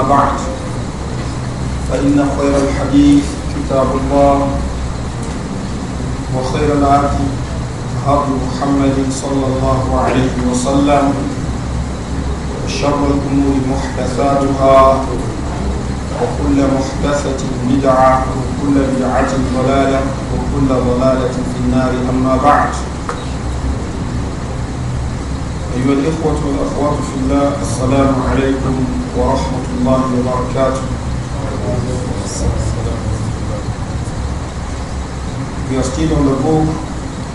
أما بعد فإن خير الحديث كتاب الله وخير العهد هدي محمد صلى الله عليه وسلم وشر الأمور محدثاتها وكل محدثة بدعة وكل بدعة ضلالة وكل ضلالة في النار أما بعد أيها الإخوة والأخوات في الله السلام عليكم ورحمة الله وبركاته We are still on the book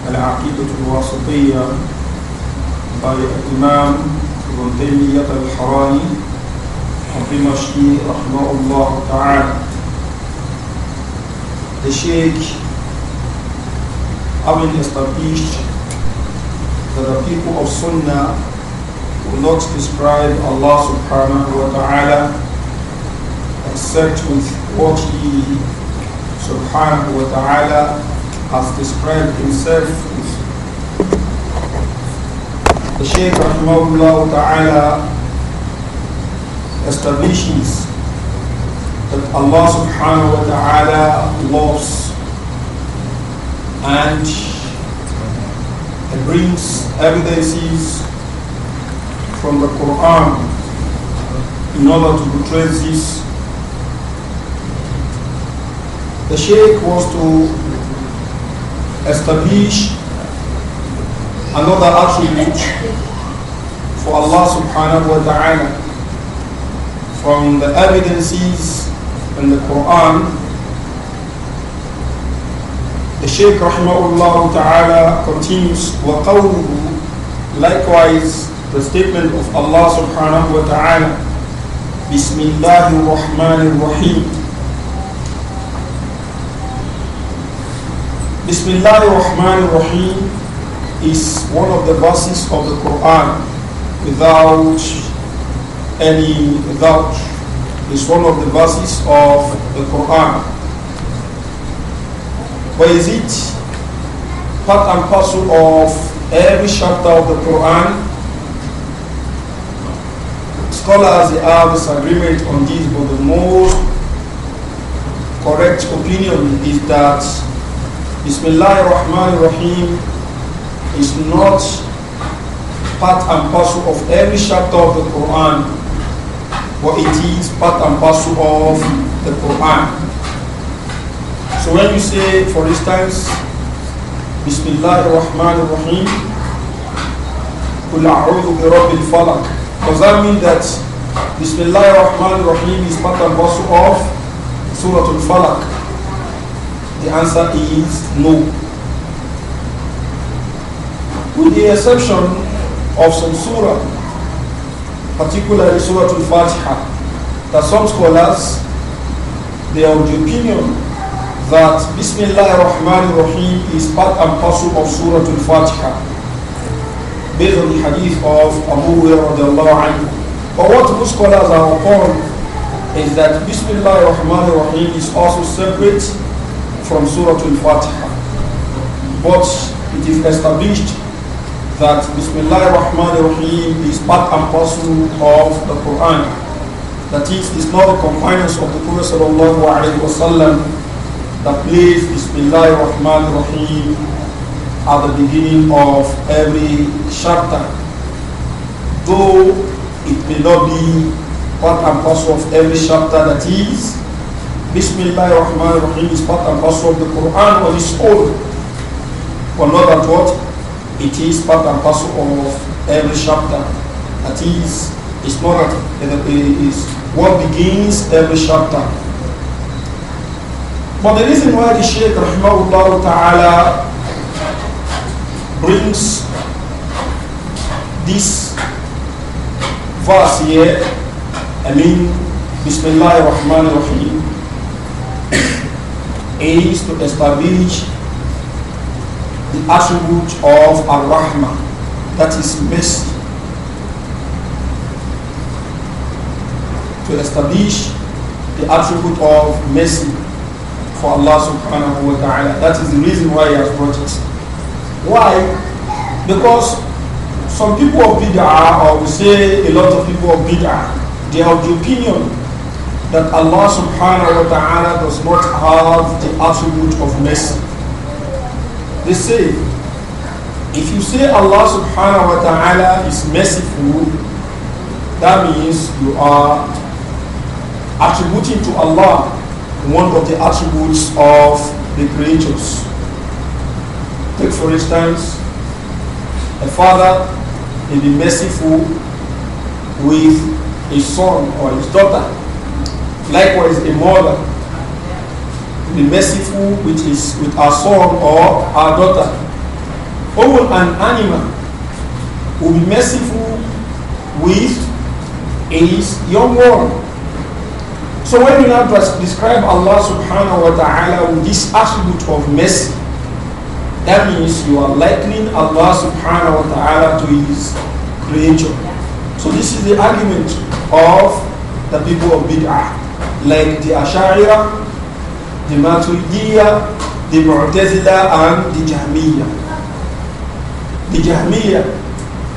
العقيدة الواسطية by Imam Ibn Taymiyyah al-Harani الدمشقي رحمه الله تعالى The Sheikh having established that the people of Sunnah will not describe Allah subhanahu wa ta'ala except with what He subhanahu wa ta'ala has described Himself with. The Shaykh rahimahullah ta'ala establishes that Allah subhanahu wa ta'ala loves and brings evidences from the Quran in order to trace this. The Sheikh was to establish another attribute for Allah subhanahu wa ta'ala from the evidences in the Quran Shaykh Rahmahullah Ta'ala continues, Likewise, the statement of Allah Subhanahu Wa Ta'ala, بِسْمِ اللَّهِ الرَّحْمَنِ الرَّحِيمِ Bismillah ar-Rahman rahim is one of the verses of the Quran without any doubt. It's one of the verses of the Quran. But is it part and parcel of every chapter of the Quran? Scholars have disagreement on this, but the most correct opinion is that Bismillah ar-Rahman rahim is not part and parcel of every chapter of the Quran, but it is part and parcel of the Quran. So when you say, for instance, Bismillah ar-Rahman ar-Rahim, Qul bi rabbil Falak, Does that mean that Bismillah ar-Rahman ar-Rahim is part and parcel of Surah al-Falaq? The answer is no. With the exception of some surah, particularly Surah al-Fatiha, that some scholars, they are of the opinion that Bismillah ar-Rahman rahim is part and parcel of Surah Al-Fatiha based on the hadith of Abu Hurairah. But what most scholars are upon is that Bismillah ar-Rahman rahim is also separate from Surah Al-Fatiha. But it is established that Bismillah ar-Rahman rahim is part and parcel of the Quran. That is, it's not a compliance of the Prophet sallallahu alaihi wasallam that please Bismillah Rahman Rahim at the beginning of every chapter. Though it may not be part and parcel of every chapter that is, Bismillah Rahman Rahim is part and parcel of the Quran on its own. But not that what? It is part and parcel of every chapter. That is, it's not that it uh, uh, is what begins every chapter. But the reason why the Shaykh Rahmahullah Ta'ala brings this verse here, I mean, Bismillah ar-Rahman rahim is to establish the attribute of Ar-Rahman, that is mercy. To establish the attribute of mercy for Allah subhanahu wa ta'ala. That is the reason why he has brought it. Why? Because some people of bid'ah, or we say a lot of people of bid'ah, they have the opinion that Allah subhanahu wa ta'ala does not have the attribute of mercy. They say, if you say Allah subhanahu wa ta'ala is merciful, that means you are attributing to Allah one of the attributes of the creatures. Take for instance, a father may be merciful with his son or his daughter. Likewise, a mother may be merciful with his with her son or her daughter. Or an animal will be merciful with his young one. So when you now describe Allah subhanahu wa ta'ala with this attribute of mercy, that means you are likening Allah subhanahu wa ta'ala to his creator. So this is the argument of the people of Bid'ah, like the Ash'ariyah, the Maturidiyah, the Mu'tazila and the Jahmiyyah. The Jahmiyyah,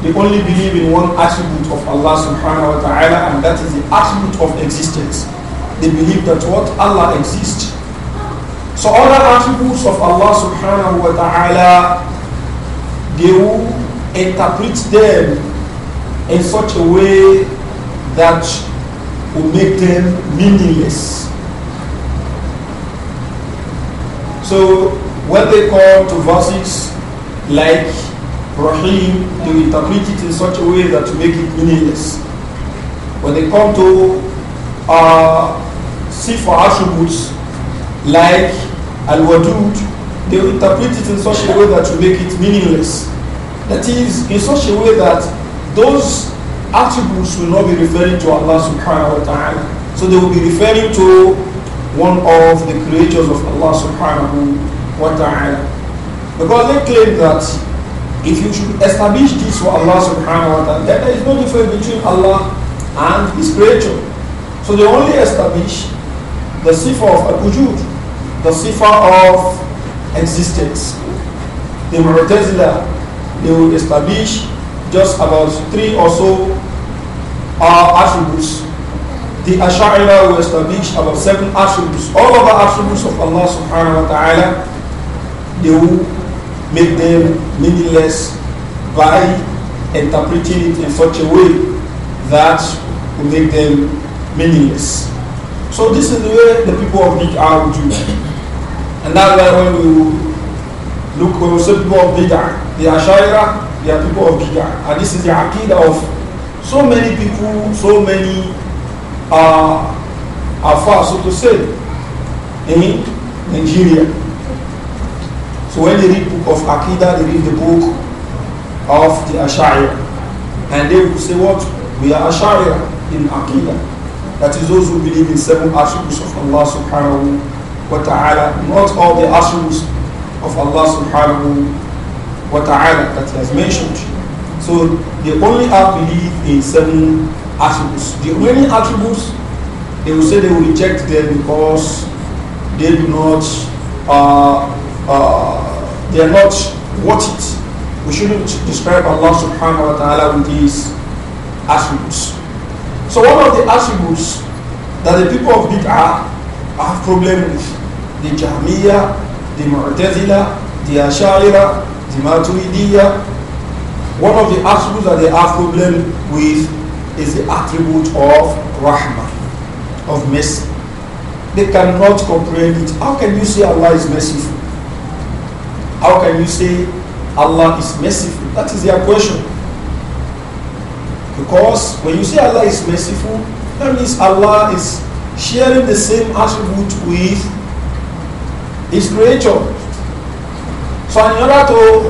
they only believe in one attribute of Allah subhanahu wa ta'ala and that is the attribute of existence they believe that what Allah exists. So other attributes of Allah subhanahu wa ta'ala, they will interpret them in such a way that will make them meaningless. So when they come to verses like Rahim, they interpret it in such a way that to make it meaningless. When they come to uh, seek for attributes like al-wadud, they interpret it in such a way that you make it meaningless. That is, in such a way that those attributes will not be referring to Allah subhanahu wa ta'ala. So they will be referring to one of the creators of Allah subhanahu wa ta'ala. Because they claim that if you should establish this for Allah subhanahu wa ta'ala, then there is no difference between Allah and his creature. So they only establish the sifa of al-wujud, the sifa of existence. The Mu'tazila, they will establish just about three or so uh, attributes. The Ash'ari will establish about seven attributes. All of the attributes of Allah subhanahu wa ta'ala, they will make them meaningless by interpreting it in such a way that will make them meaningless. So this is the way the people of Bid'ah you? And that's why when we look, when we say people of Bid'ah, they are Shaira, they are people of Bid'ah. And this is the Aqidah of so many people, so many uh, far. so to say, in Nigeria. So when they read book of Aqidah, they read the book of the ashaira, And they will say what? We are ashaira in Aqidah. That is those who believe in seven attributes of Allah subhanahu wa ta'ala. Not all the attributes of Allah subhanahu wa ta'ala that he has mentioned. So they only have belief in seven attributes. The remaining attributes, they will say they will reject them because they do not, uh, uh, they are not worth it. We shouldn't describe Allah subhanahu wa ta'ala with these attributes. So one of the attributes that the people of Bid'ah have problem with, the Jahmiya, the Mu'tazila, the Ashaira, the Maturidiya, one of the attributes that they have problem with is the attribute of Rahmah, of mercy. They cannot comprehend it. How can you say Allah is merciful? How can you say Allah is merciful? That is their question. Because when you say Allah is merciful, that means Allah is sharing the same attribute with His creature. So in order to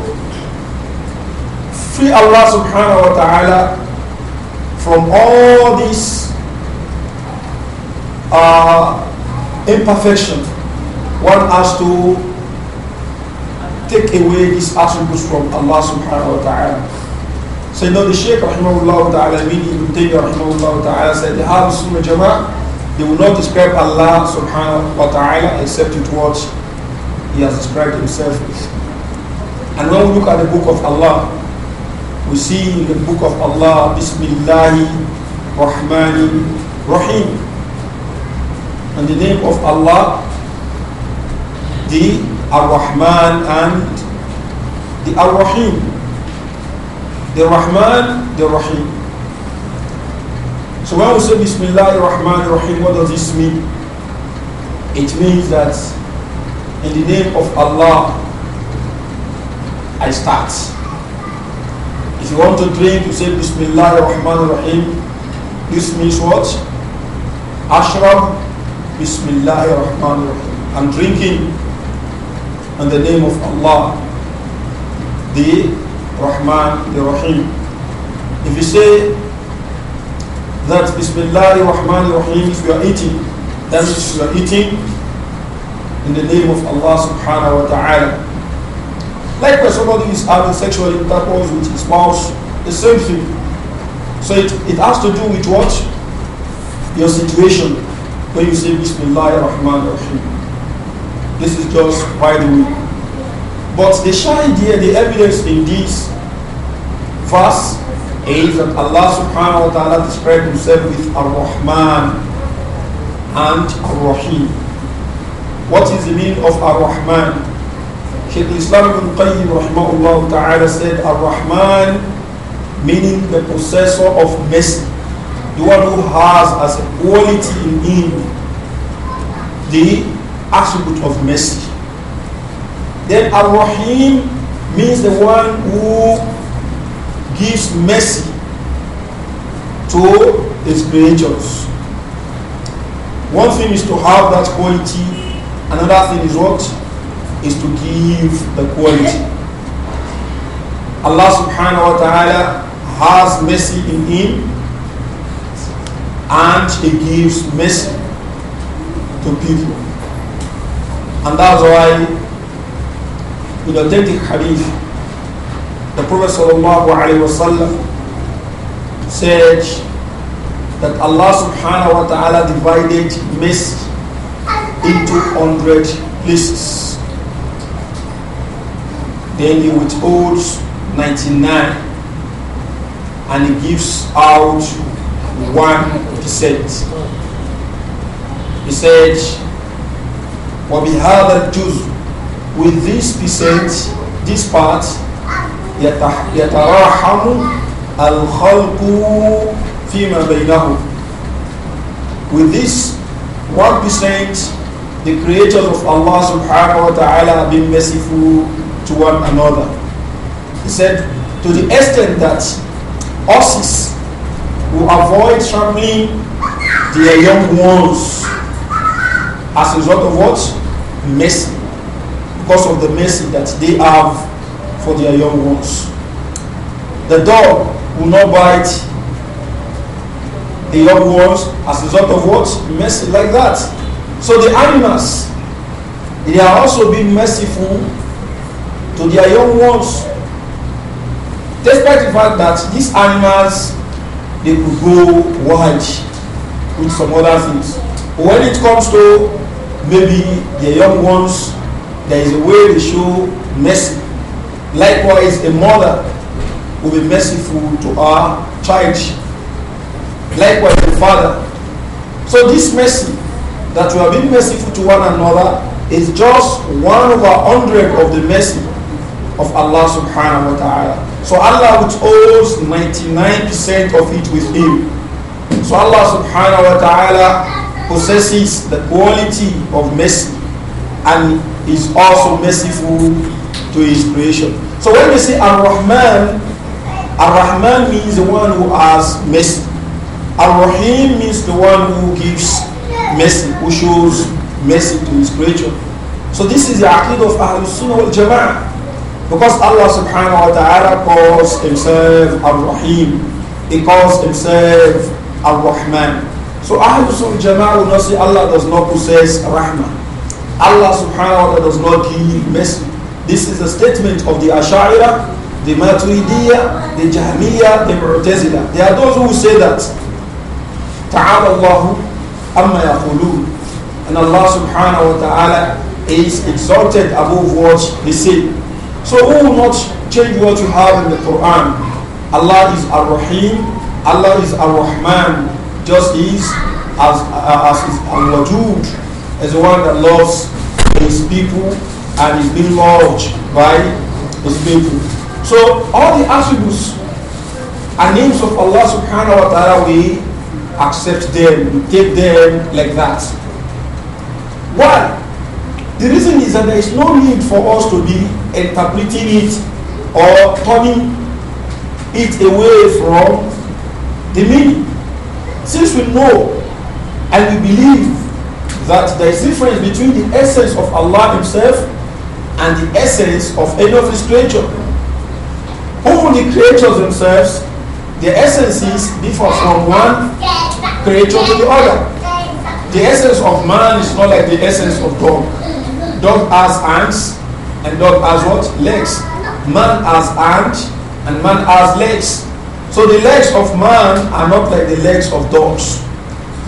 free Allah subhanahu wa ta'ala from all these uh, imperfection, one has to take away these attributes from Allah subhanahu wa ta'ala. So you know the Shaykh rahimahullah ta'ala, meaning Ibn Taymiyyah rahimahullah ta'ala said the Ahl Sunnah Jama'ah, they will not describe Allah subhanahu wa ta'ala except with what he has described himself with. And when we look at the book of Allah, we see in the book of Allah, Bismillahi Rahmani Rahim. And the name of Allah, the Ar-Rahman and the Ar-Rahim the Rahman, the Rahim. So when we say Bismillah Rahman Rahim, what does this mean? It means that in the name of Allah, I start. If you want to drink, you say Bismillah Rahman Rahim. This means what? Ashram Bismillah Rahman Rahim. I'm drinking in the name of Allah, the Rahman, the Rahim. If you say that Bismillah Rahman Rahim, if you are eating, that means you are eating in the name of Allah subhanahu wa ta'ala. Like when somebody is having sexual intercourse with his spouse, the same thing. So it, it has to do with what? Your situation when you say Bismillah Rahman Rahim. This is just by the way. But the shine here, the evidence in this verse is that Allah subhanahu wa ta'ala described himself with Ar-Rahman and Ar-Rahim. What is the meaning of Ar-Rahman? Shaykh Islam ibn Qayyim rahimahullah ta'ala said Ar-Rahman meaning the possessor of mercy. The one who has as a quality in him the attribute of mercy. Then Ar-Rahim means the one who gives mercy to his creatures. One thing is to have that quality, another thing is what? Is to give the quality. Allah subhanahu wa ta'ala has mercy in him and he gives mercy to people. And that's why with authentic hadith, the Prophet ﷺ said that Allah subhanahu wa ta'ala divided mist into hundred places. Then he withholds 99 and he gives out 1%. He said, وَبِهَذَا الْجُزْءُ with this percent, this part, يتراحم الخلق فيما بينهم. With this one percent, the creators of Allah subhanahu wa ta'ala have been merciful to one another. He said, to the extent that horses will avoid trampling their young ones as a result of what? Mercy. because of the mercy that they have for their young ones. The dog will not bite the young ones as a result of what? Mercy like that. So the animals, they are also being merciful to their young ones. Despite the fact that these animals, they could go wild with some other things. But when it comes to maybe the young ones There is a way to show mercy. Likewise, a mother will be merciful to her child. Likewise, a father. So this mercy that we are being merciful to one another is just one of a hundred of the mercy of Allah subhanahu wa ta'ala. So Allah withholds 99% of it with him. So Allah subhanahu wa ta'ala possesses the quality of mercy and is also merciful to his creation. So when we say Ar-Rahman, Ar-Rahman means the one who has mercy. Ar-Rahim means the one who gives mercy, who shows mercy to his creature. So this is the aqid of Ahlul Sunnah al Jama'ah. Because Allah subhanahu wa ta'ala calls himself Ar-Rahim. He calls himself Ar-Rahman. So Ahlul Sunnah al Jama'ah will not say Allah does not possess Rahman. Allah subhanahu wa ta'ala does not give mercy. This is a statement of the Ash'ariyah, the Maturidiyah, the Jahmiyyah, the Mu'tazila. There are those who say that. Ta'ala Allahu amma yaqulun. And Allah subhanahu wa ta'ala is exalted above what they say. So who will not change what you have in the Quran? Allah is Ar-Rahim, Allah is Ar-Rahman, just is as, as is Al-Wajud is the one that loves his people and is being loved by his people. So all the attributes and names of Allah subhanahu wa ta'ala we accept them, we take them like that. Why? The reason is that there is no need for us to be interpreting it or turning it away from the meaning. Since we know and we believe that there is difference between the essence of Allah Himself and the essence of any of His creature. Even the creatures themselves, their essences differ from one creature to the other. The essence of man is not like the essence of dog. Dog has hands and dog has what? Legs. Man has hands and man has legs. So the legs of man are not like the legs of dogs.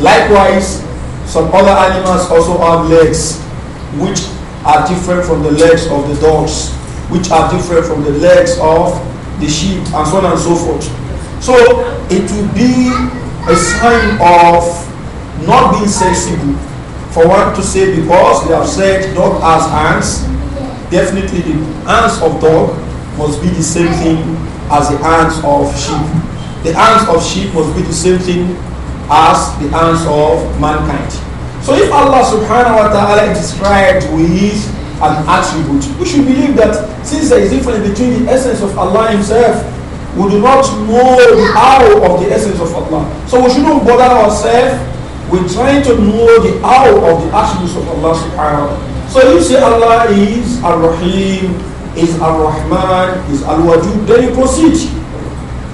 Likewise, some other animals also have legs, which are different from the legs of the dogs, which are different from the legs of the sheep, and so on and so forth. So it will be a sign of not being sensible for one to say because they have said dog has hands, definitely the hands of dog must be the same thing as the hands of sheep. The hands of sheep must be the same thing as the hands of mankind. So if Allah subhanahu wa ta'ala is described with an attribute, we should believe that since there is difference between the essence of Allah himself, we do not know the hour of the essence of Allah. So we shouldn't bother ourselves with trying to know the hour of the attributes of Allah subhanahu wa ta'ala. So if you say Allah is Ar-Rahim, is Ar-Rahman, is Al-Wajud, then you proceed.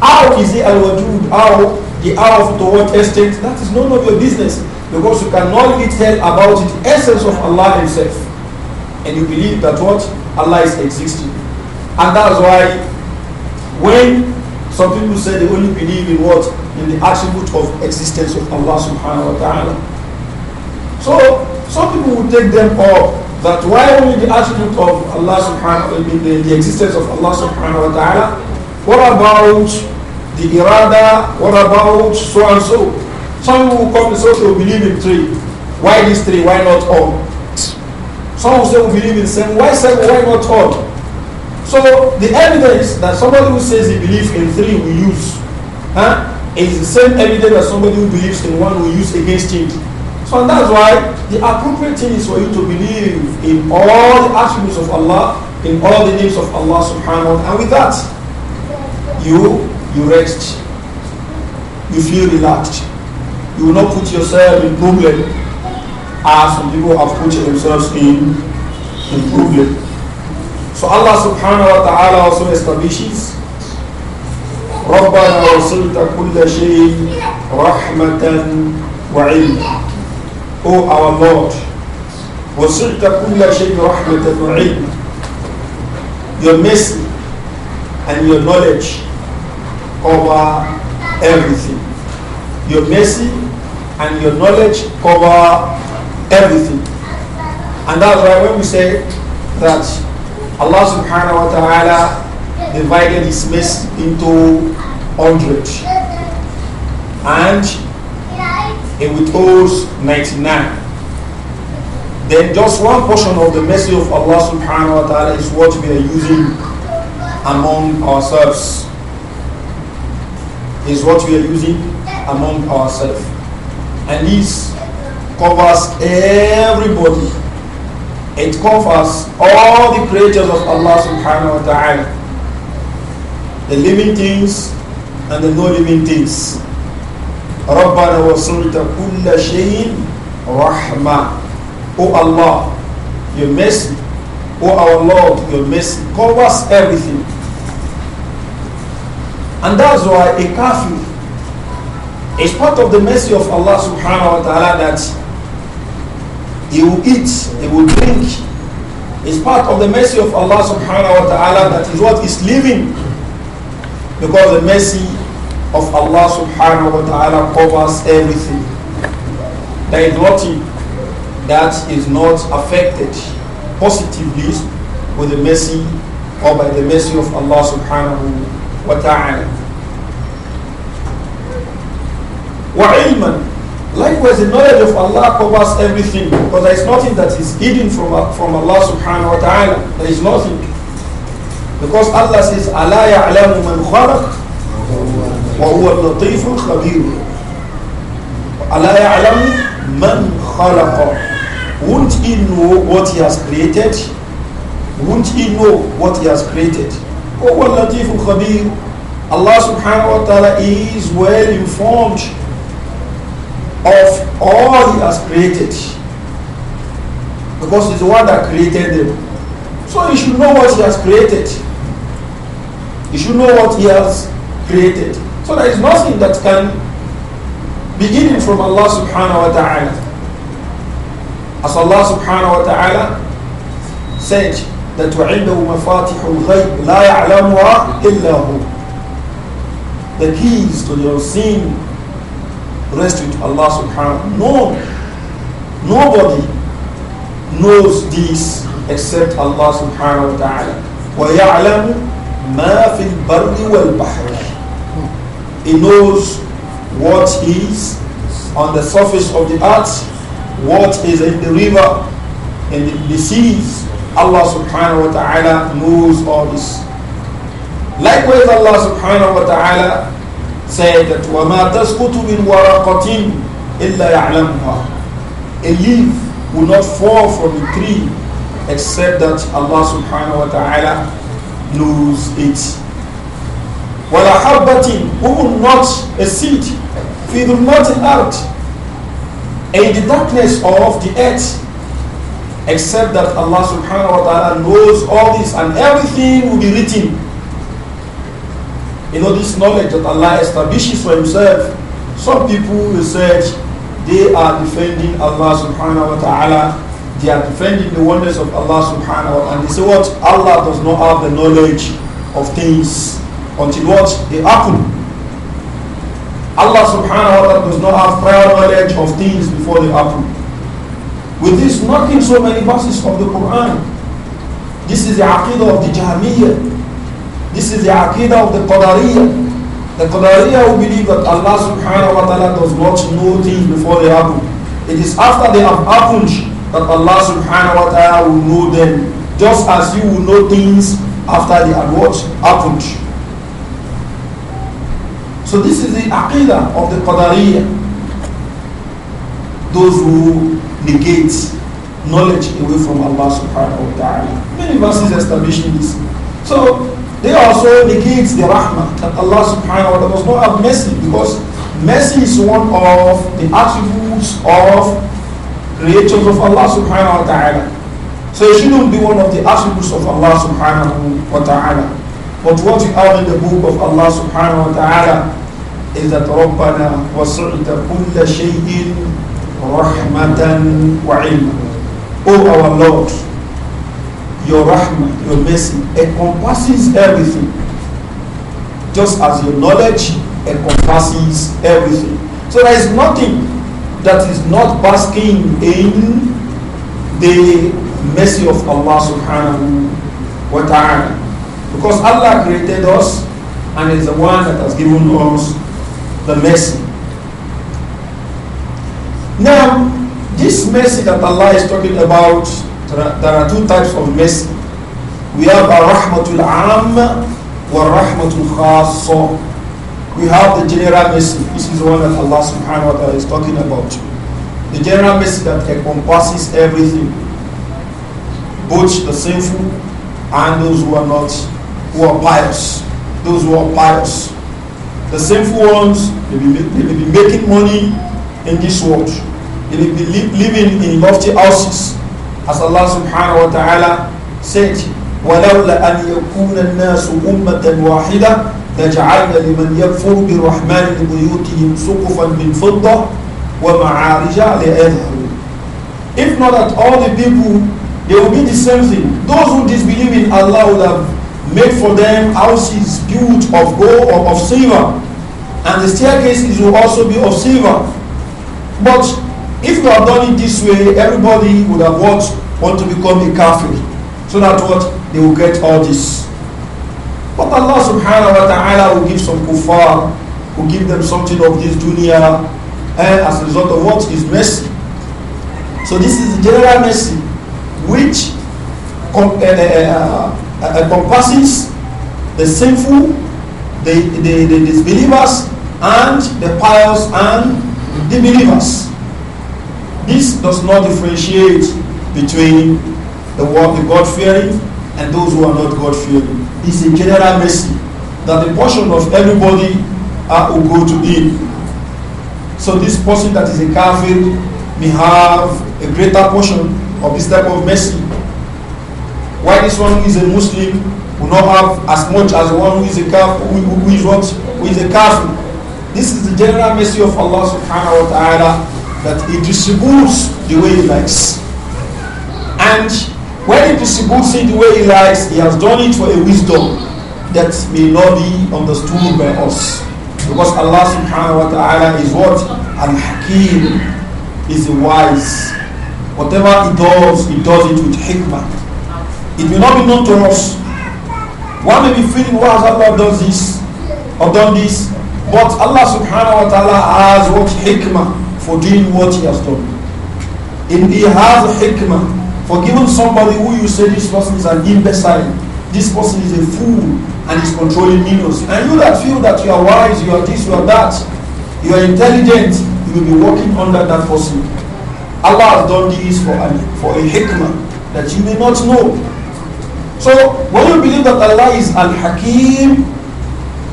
How is he Al-Wajud? How the hour to what extent, that is none of your business. Because you cannot be tell about the essence of Allah Himself. And you believe that what? Allah is existing. And that's why when some people say they only believe in what? In the attribute of existence of Allah subhanahu wa ta'ala. So some people will take them up that why only the attribute of Allah subhanahu wa ta'ala, the, the existence of Allah subhanahu wa ta'ala, what about the irada, what about so and so? Some will come and say, okay, we believe in three. Why these three? Why not all? Some will say, we believe in seven. Why seven? Why not all? So the evidence that somebody who says he believes in three will use huh, is the same evidence that somebody who believes in one will use against him. So that's why the appropriate thing is for you to believe in all the attributes of Allah, in all the names of Allah subhanahu wa ta'ala. And with that, you you rest, you feel relaxed. You will not put yourself in problem as some people have put themselves in, in problem. So Allah subhanahu wa ta'ala also establishes رَبَّنَا وَصِلْتَ كُلَّ شَيْءٍ رَحْمَةً وَعِلْمًا O our Lord, وَصِلْتَ كُلَّ شَيْءٍ رَحْمَةً وَعِلْمًا Your mercy and your knowledge cover everything. Your mercy and your knowledge cover everything. And that's why when we say that Allah subhanahu wa ta'ala divided his mercy into hundred and he withholds 99 then just one portion of the mercy of Allah subhanahu wa ta'ala is what we are using among ourselves is what we are using among ourselves. And this covers everybody. It covers all the creatures of Allah subhanahu wa ta'ala. The living things and the non-living things. رَبَّنَا وَصُلْتَ كُلَّ شَيْءٍ رَحْمَةً O Allah, your mercy, O our Lord, your mercy covers everything. And that's why a curfew is part of the mercy of Allah subhanahu wa ta'ala that he will eat, he will drink. It's part of the mercy of Allah subhanahu wa ta'ala that is what is living. Because the mercy of Allah subhanahu wa ta'ala covers everything. There is nothing that is not affected positively with the mercy or by the mercy of Allah subhanahu wa ta'ala. ilman, Likewise, the knowledge of Allah covers everything because there is nothing that is hidden from, from Allah subhanahu wa ta'ala. There is nothing. Because Allah says, أَلَا khalaq, wa huwa latifu khabil." Allah أَلَا يَعْلَمُ مَنْ خَلَقَ Won't he know what he has created? Won't he know what he has created? huwa latifu الْخَبِيرُ Allah subhanahu wa ta'ala is well informed of all he has created. Because he's the one that created them. So you should know what he has created. You should know what he has created. So there is nothing that can beginning from Allah subhanahu wa ta'ala. As Allah subhanahu wa ta'ala said that وَعِنْدَهُ مَفَاتِحُ الْغَيْبِ لَا يَعْلَمُهَا إِلَّا هُ The keys to the unseen rest with Allah subhanahu wa No. Nobody knows this except Allah subhanahu wa ta'ala. وَيَعْلَمُ مَا فِي الْبَرِّ وَالْبَحْرِ He knows what is on the surface of the earth, what is in the river, in the, the seas. Allah subhanahu wa ta'ala knows all this. Likewise, Allah subhanahu wa ta'ala said that وَمَا تَسْقُطُ مِنْ وَرَقَةٍ إِلَّا يَعْلَمُهَا A leaf will not fall from a tree except that Allah subhanahu wa ta'ala knows it. وَلَا حَبَّةٍ Who not a seed في ظلمات الأرض in the darkness of the earth except that Allah subhanahu wa ta'ala knows all this and everything will be written you know, this knowledge that Allah establishes for Himself. Some people will say they are defending Allah subhanahu wa ta'ala. They are defending the oneness of Allah subhanahu wa ta'ala. And they say what? Allah does not have the knowledge of things until what? They happen. Allah subhanahu wa ta'ala does not have prior knowledge of things before they happen. With this, knocking so many verses of the Quran. This is the aqidah of the Jahmiyyah. This is the Aqidah of the Qadariya. The Qadariya who believe that Allah subhanahu wa ta'ala does not know things before they happen. It is after they have happened that Allah subhanahu wa ta'ala will know them. Just as you will know things after they have what? Happened. So this is the Aqidah of the Qadariya. Those who negate knowledge away from Allah subhanahu wa ta'ala. Many verses establishing this. So they also negate the rahmah that Allah subhanahu wa ta'ala does not have mercy because mercy is one of the attributes of creatures of Allah subhanahu wa ta'ala. So it shouldn't be one of the attributes of Allah subhanahu wa ta'ala. But what we are in the book of Allah subhanahu wa ta'ala is that رَبَّنَا وَسِعْتَ كُلَّ شَيْءٍ رَحْمَةً وَعِلْمًا O our Lord, your rahmah, your mercy encompasses everything. Just as your knowledge encompasses everything. So there is nothing that is not basking in the mercy of Allah subhanahu wa ta'ala. Because Allah created us and is the one that has given us the mercy. Now, this mercy that Allah is talking about there are two types of mercy. We have a rahmatul am wa rahmatul khassa. We have the general mercy. This is the one that Allah subhanahu wa ta'ala is talking about. The general mercy that encompasses everything. Both the sinful and those who are not, who are pious. Those who are pious. The sinful ones, they may be, they may be making money in this world. They may be living in lofty houses as Allah subhanahu wa ta'ala said, وَلَوْلَا أَنْ يَكُونَ النَّاسُ أُمَّةً وَاحِدَةً لجعلنا لمن يكفر بالرحمن لبيوتهم سقفا من فضة ومعارج لأذهب If not that all the people, they will be the same thing. Those who disbelieve in Allah would have made for them houses built of gold or of silver. And the staircases will also be of silver. But if you have done it this way, everybody would have what? Want to become a kafir. So that what? They will get all this. But Allah subhanahu wa ta'ala will give some kuffar, will give them something of this dunya, and eh, as a result of what is mercy. So this is the general mercy which eh, eh, uh, encompasses the sinful, the, the, the disbelievers, and the pious and the believers. This does not differentiate between the, the God-fearing and those who are not God-fearing. It's a general mercy that the portion of everybody are who go to him. So this person that is a kafir may have a greater portion of this type of mercy. Why this one who is a Muslim will not have as much as one who is a kafir, who, who is what, who is a kafir. This is the general mercy of Allah subhanahu wa ta'ala that he distributes the way he likes. And when he distributes it the way he likes, he has done it for a wisdom that may not be understood by us. Because Allah subhanahu wa ta'ala is what? Al-Hakim is wise. Whatever he does, he does it with hikmah. It may not be known to us. One may be feeling, why has Allah done this or done this? But Allah subhanahu wa ta'ala has what hikmah for doing what he has done. If he has a hikmah, giving somebody who you say this person is an imbecile, this person is a fool and is controlling millions. And you that feel that you are wise, you are this, you are that, you are intelligent, you will be working under that person. Allah has done this for a, for a hikmah that you may not know. So when you believe that Allah is Al-Hakim,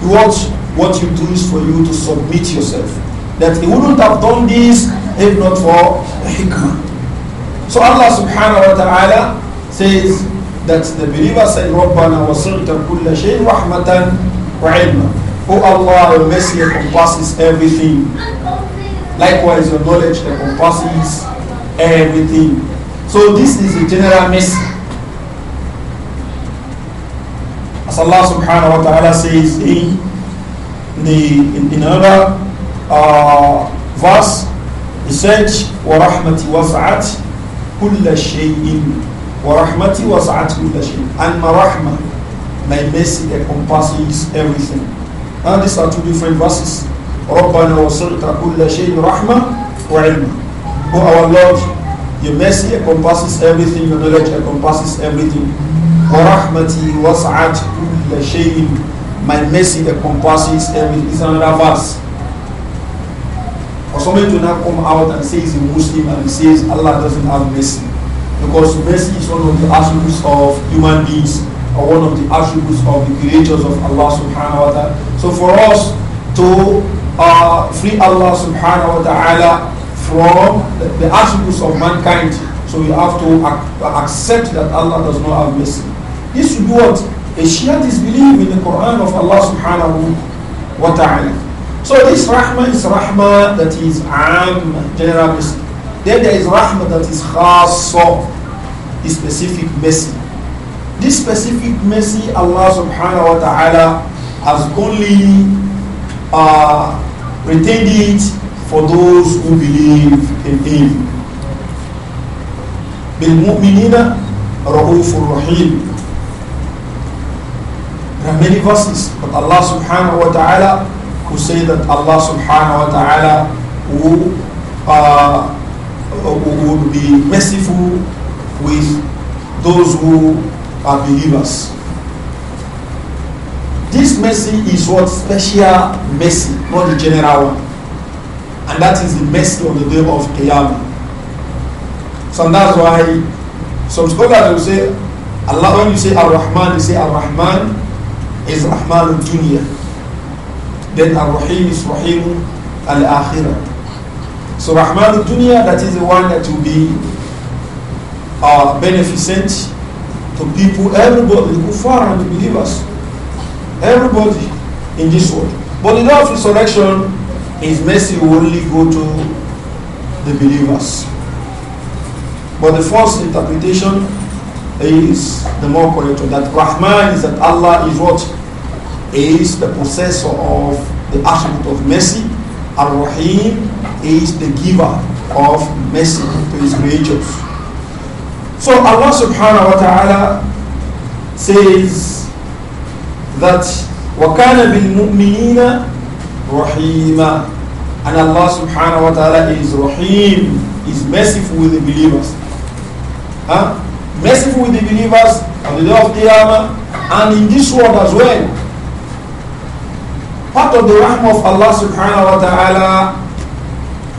what, what you do is for you to submit yourself that he wouldn't have done this if not for hikmah. So Allah subhanahu wa ta'ala says that the believer said, wa وَسِعْتَ كُلَّ شَيْءٍ wa ilma." Oh Allah, your mercy encompasses everything. Likewise, your knowledge encompasses everything. So this is the general mercy. As Allah subhanahu wa ta'ala says in the in, in another uh, verse, he said, وَرَحْمَةِ وَسْعَتْ كُلَّ Rahmati وَرَحْمَةِ وَسْعَتْ كُلَّ shayin And my my mercy encompasses everything. And these are two different verses. رَبَّنَا وَسِعْتَ كُلَّ شَيْءٍ رَحْمَةً وَعِلْمًا Oh our Lord, your mercy encompasses everything, your knowledge encompasses everything. وَرَحْمَتِي وَسْعَتْ كُلَّ shayin My mercy encompasses everything. It's another verse somebody do not come out and say he's a Muslim and he says Allah doesn't have mercy. Because mercy is one of the attributes of human beings or one of the attributes of the creators of Allah subhanahu wa ta'ala. So for us to uh, free Allah subhanahu wa ta'ala from the, the, attributes of mankind, so we have to ac accept that Allah does not have mercy. This should be what? A Shia disbelief in the Quran of Allah subhanahu wa ta'ala. So this rahmah is rahmah that is am, general Then there is rahmah that is khasa, the specific mercy. This specific mercy Allah subhanahu wa ta'ala has only uh, retained it for those who believe in Him. بِالْمُؤْمِنِينَ رَؤُوفُ الرَّحِيمُ There are many verses, but Allah subhanahu wa ta'ala who say that Allah subhanahu wa ta'ala uh, would uh, be merciful with those who are believers. This mercy is what special mercy, not the general one. And that is the mercy on the day of Qiyamah. So that's why some scholars will say, Allah, when you say Ar-Rahman, you say Ar-Rahman is Rahman al then Ar-Rahim is Rahim Al-Akhirah. So Rahman Dunya, that is the one that will be uh, beneficent to people, everybody, the kuffar and the believers, everybody in this world. But the day of resurrection, is mercy will only go to the believers. But the first interpretation is the more correct that Rahman is that Allah is what? is the possessor of the attribute of mercy. Ar-Rahim is the giver of mercy to his creatures. So Allah subhanahu wa ta'ala says that وَكَانَ بِالْمُؤْمِنِينَ رَحِيمًا And Allah subhanahu wa ta'ala is Rahim, is merciful with the believers. Huh? Merciful with the believers on the day of Qiyamah and in this world as well part of the rahmah of Allah subhanahu wa ta'ala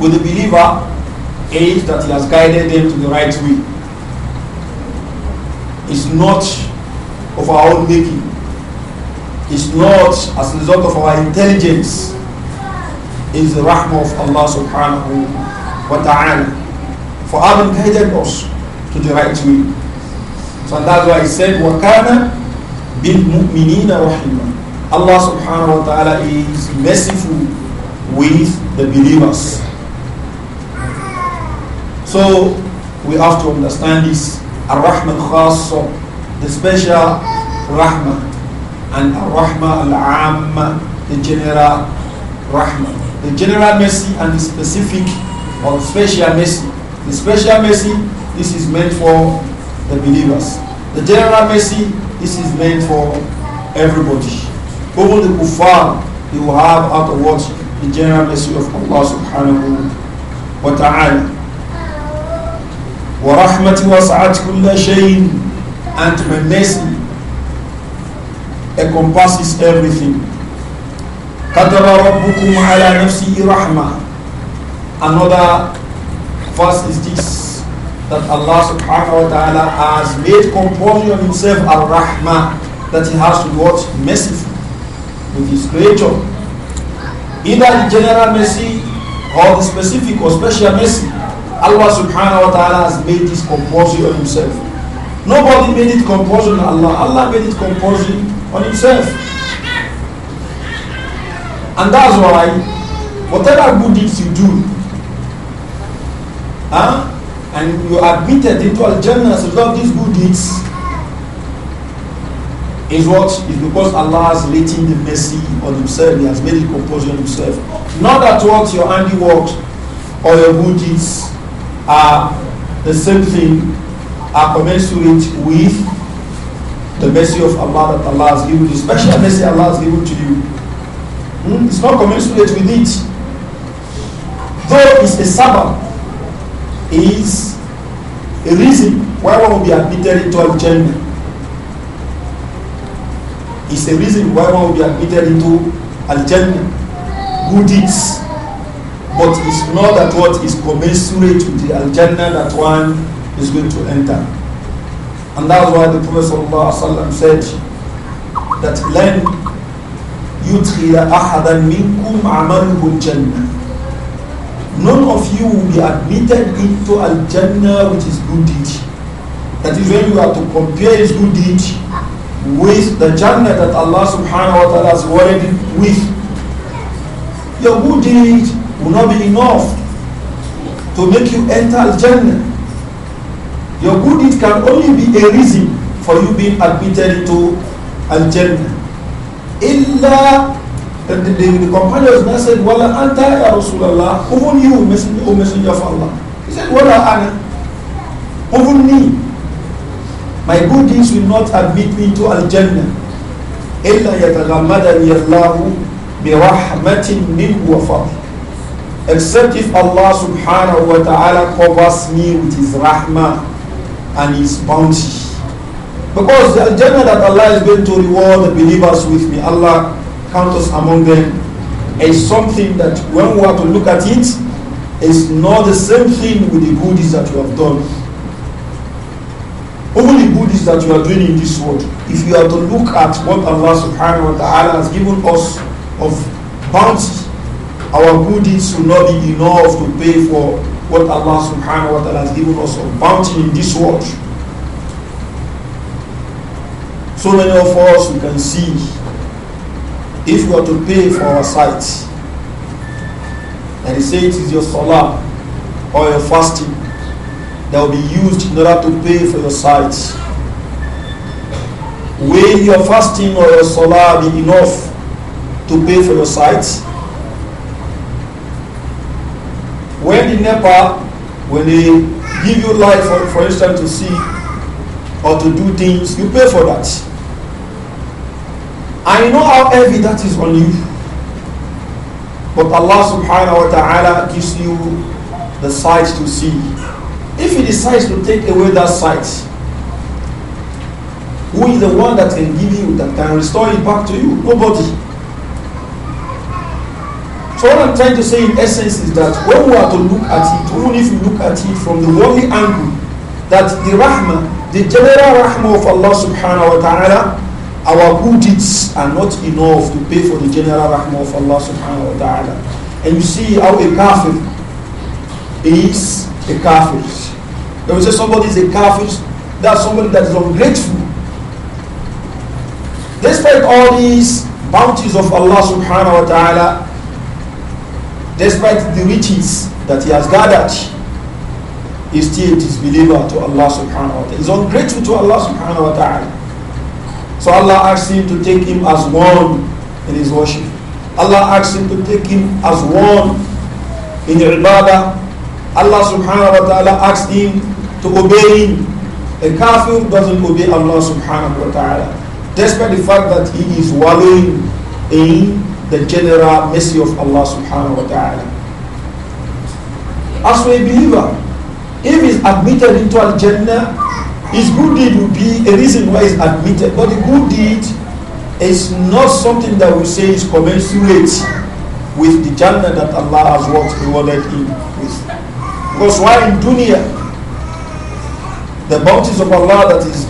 with the believer is that He has guided them to the right way. It's not of our own making, it's not as a result of our intelligence. It's the rahmah of Allah subhanahu wa ta'ala for having guided us to the right way. So that's why He said, وَكَانَ بِالْمُؤْمِنِينَ رَحِيمًا Allah subhanahu wa ta'ala is merciful with the believers. So we have to understand this. Ar-Rahman Khassa, the special Rahmah, and Ar-Rahmah Al-Amma, the general Rahmah. The general mercy and the specific or special mercy. The special mercy, this is meant for the believers. The general mercy, this is meant for everybody. Even the kuffar, they will have afterwards what? The general mercy of Allah subhanahu wa ta'ala. وَرَحْمَةِ وَسَعَتْ كُلَّ شَيْءٍ And my mercy encompasses everything. كَتَبَ رَبُّكُمْ عَلَى نَفْسِهِ رَحْمَةً Another verse is this that Allah subhanahu wa ta'ala has made compulsion of himself al-Rahmah that he has to watch with his creator. Either the general mercy or the specific or special mercy. Allah subhanahu wa ta'ala has made this compulsory on himself. Nobody made it compulsory on Allah. Allah made it compulsory on himself. And that's why whatever good deeds you do, huh, and you are admitted into Al-Jannah as a result of these good deeds, is what? Is because Allah has latent the mercy on himself, he has made it compulsory on himself. Not that what your handiwork or your good deeds are the same thing, are commensurate with the mercy of Allah that Allah has given you, special mercy Allah has given to you. Hmm? It's not commensurate with it. Though it's a sabbath, is a reason why one will be admitted into a jannah is a reason why one will be admitted into Al-Jannah. Good deeds. But it's not that what is commensurate with the Al-Jannah that one is going to enter. And that's why the Prophet said that لن يدخل أحدا منكم عمله الجنة None of you will be admitted into Al-Jannah which is good deed. That is when you are to compare his good deed with the Jannah that Allah subhanahu wa ta'ala has awarded with. Your good deed will not be enough to make you enter Jannah. Your good deed can only be a reason for you being admitted to Al-Jannah. Illa the, the, the, the companions now said, Wala anta ya Rasulallah, even you, O Messenger of Allah. He said, Wala ana, even me. My good deeds will not admit me to Al-Jannah. Except if Allah subhanahu wa ta'ala covers me with His rahmah and His bounty. Because the Jannah that Allah is going to reward the believers with me, Allah counts us among them, is something that when we are to look at it, is not the same thing with the goodies that we have done that you are doing in this world, if you are to look at what Allah subhanahu wa ta'ala has given us of bounty, our good deeds will not be enough to pay for what Allah subhanahu wa ta'ala has given us of bounty in this world. So many of us we can see if we are to pay for our sight, and they say it is your salah or your fasting that will be used in order to pay for your sight will your fasting or your salah be enough to pay for your sight? When the NEPA, when they give you light, for, for instance, to see or to do things, you pay for that. I know how heavy that is on you. But Allah subhanahu wa ta'ala gives you the sight to see. If He decides to take away that sight, who is the one that can give you, that can restore it back to you? Nobody. So what I'm trying to say in essence is that when we are to look at it, even if you look at it from the worldly angle, that the rahmah, the general rahmah of Allah subhanahu wa ta'ala, our good deeds are not enough to pay for the general rahmah of Allah subhanahu wa ta'ala. And you see how a kafir is a kafir. When we say somebody is a kafir, that's somebody that is ungrateful Despite all these bounties of Allah subhanahu wa ta'ala, despite the riches that he has gathered, he still a disbeliever to Allah subhanahu wa ta'ala. He's ungrateful to Allah subhanahu wa ta'ala. So Allah asks him to take him as one in his worship. Allah asks him to take him as one in ibadah. Allah subhanahu wa ta'ala asks him to obey him. A kafir doesn't obey Allah subhanahu wa ta'ala despite the fact that he is wallowing in the general mercy of Allah subhanahu wa ta'ala. As for a believer, if he's admitted into Al Jannah, his good deed will be a reason why he's admitted. But the good deed is not something that we say is commensurate with the Jannah that Allah has what rewarded him with. Because why in dunya, the bounties of Allah that is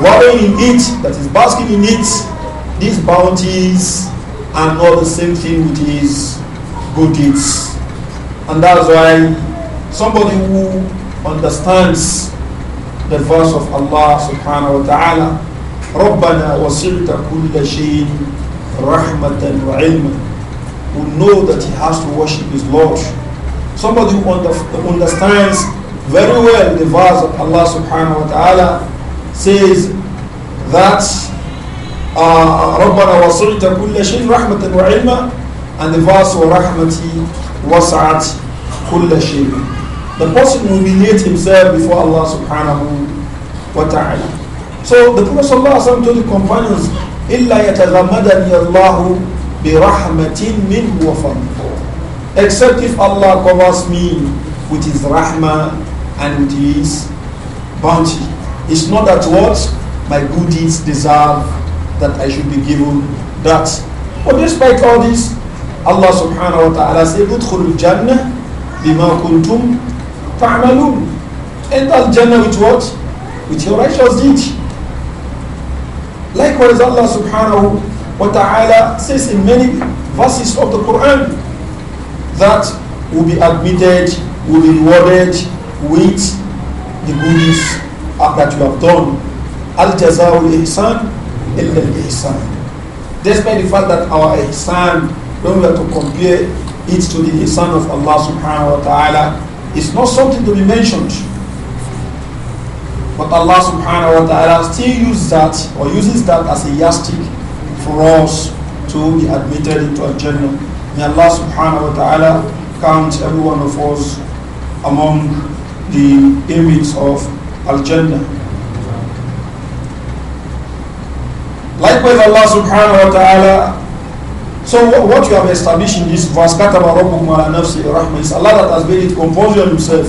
worrying in it, that is basking in it, these bounties are not the same thing with his good deeds. And that's why somebody who understands the verse of Allah subhanahu wa ta'ala, Na وَسِعْتَ كُلَّ rahmatan wa وَعِلْمًا Who know that he has to worship his Lord. Somebody who understands very well the verse of Allah subhanahu wa ta'ala says that uh, رَبَّنَا وَصُعِتَ كُلَّ شَيْءٍ رَحْمَةً وَعِلْمًا and the verse وَرَحْمَتِي وَسَعَتْ كُلَّ شَيْءٍ The person will humiliate himself before Allah subhanahu wa ta'ala. So the Prophet sallallahu told the companions, إِلَّا يَتَغَمَّدَنِي اللَّهُ بِرَحْمَةٍ مِّنْهُ وَفَضْلٍ Except if Allah covers me with His rahmah and with His bounty. It's not that what my good deeds deserve that I should be given that. But despite all this, Allah subhanahu wa ta'ala said, enter Jannah bima kuntum ta'malun. Enter Jannah with what? With your righteous deeds. Likewise, Allah subhanahu wa ta'ala says in many verses of the Quran that will be admitted, will be rewarded with the goodies that you have done. Al jazaul ihsan illa ihsan. Despite the fact that our ihsan, when we are to compare it to the ihsan of Allah subhanahu wa ta'ala, it's not something to be mentioned. But Allah subhanahu wa ta'ala still uses that or uses that as a yardstick for us to be admitted into a journal. May Allah subhanahu wa ta'ala count every one of us among the inmates of Al Jannah. Likewise, Allah subhanahu wa ta'ala. So, what you have established in this verse, Kataba Rabbukum ala is Allah that has made it compulsory on Himself.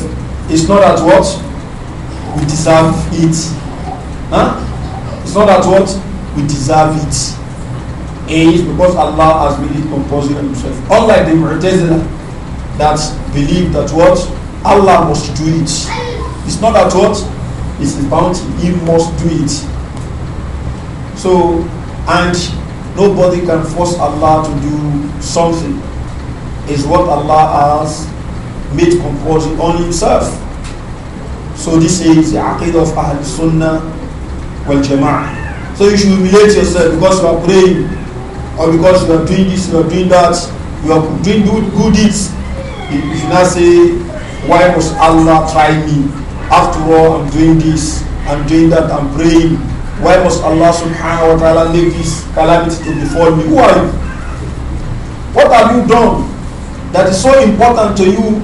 It's not that what we deserve it. Huh? It's not that what we deserve it. It is because Allah has made it compulsory on Himself. Unlike the Mu'tazila that believe that what Allah must do it. It's not that what it's the bounty. He must do it. So, and nobody can force Allah to do something. Is what Allah has made compulsory on himself. So this is the aqidah of Ahl Sunnah wal Jama'ah. So you should humiliate yourself because you are praying or because you are doing this, you are doing that, you are doing good, good deeds. If you now say, why must Allah try me? After all, I'm doing this, I'm doing that, I'm praying. Why must Allah subhanahu wa ta'ala leave this calamity to befall me? Who are you? What have you done that is so important to you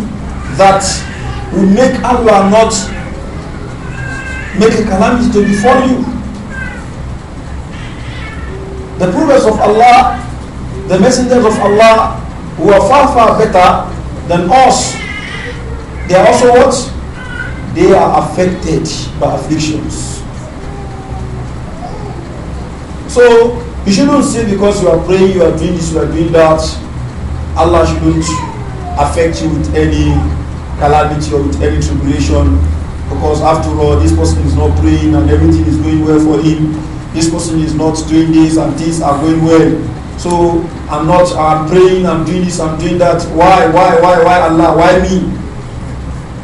that will make Allah not make a calamity to befall you? The prophets of Allah, the messengers of Allah, who are far, far better than us, they are also what? they are affected by afflictions. So you shouldn't say because you are praying, you are doing this, you are doing that, Allah shouldn't affect you with any calamity or with any tribulation. Because after all, this person is not praying and everything is going well for him. This person is not doing this and things are going well. So I'm not I'm praying, I'm doing this, I'm doing that. Why, why, why, why Allah? Why me?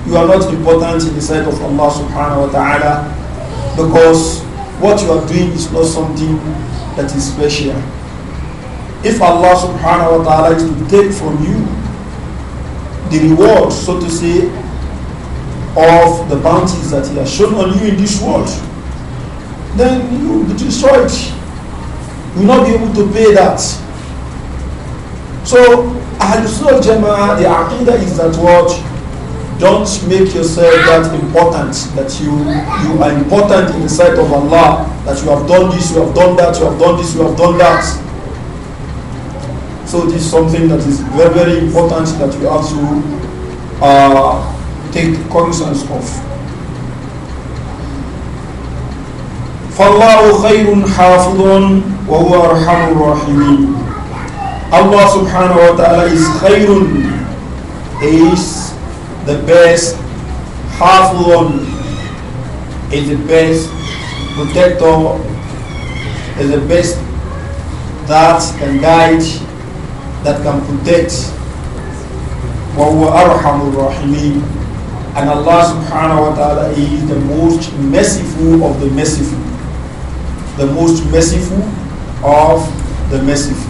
you are not important in the sight of Allah subhanahu wa ta'ala because what you are doing is not something that is special. If Allah subhanahu wa ta'ala is to take from you the reward, so to say, of the bounties that He has shown on you in this world, then you will be destroyed. You will not be able to pay that. So, Ahlul Sunnah Jama'ah, the Aqidah is that what don't make yourself that important that you you are important in the sight of Allah. That you have done this, you have done that, you have done this, you have done that. So this is something that is very very important that we have to uh, take cognizance of. Allah subhanahu wa ta'ala is khairun is the best half one is the best protector, is the best that can guide, that can protect. وَهُوَ أَرْحَمُ الرَّحِيمِ And Allah subhanahu wa ta'ala is the most merciful of the merciful. The most merciful of the merciful.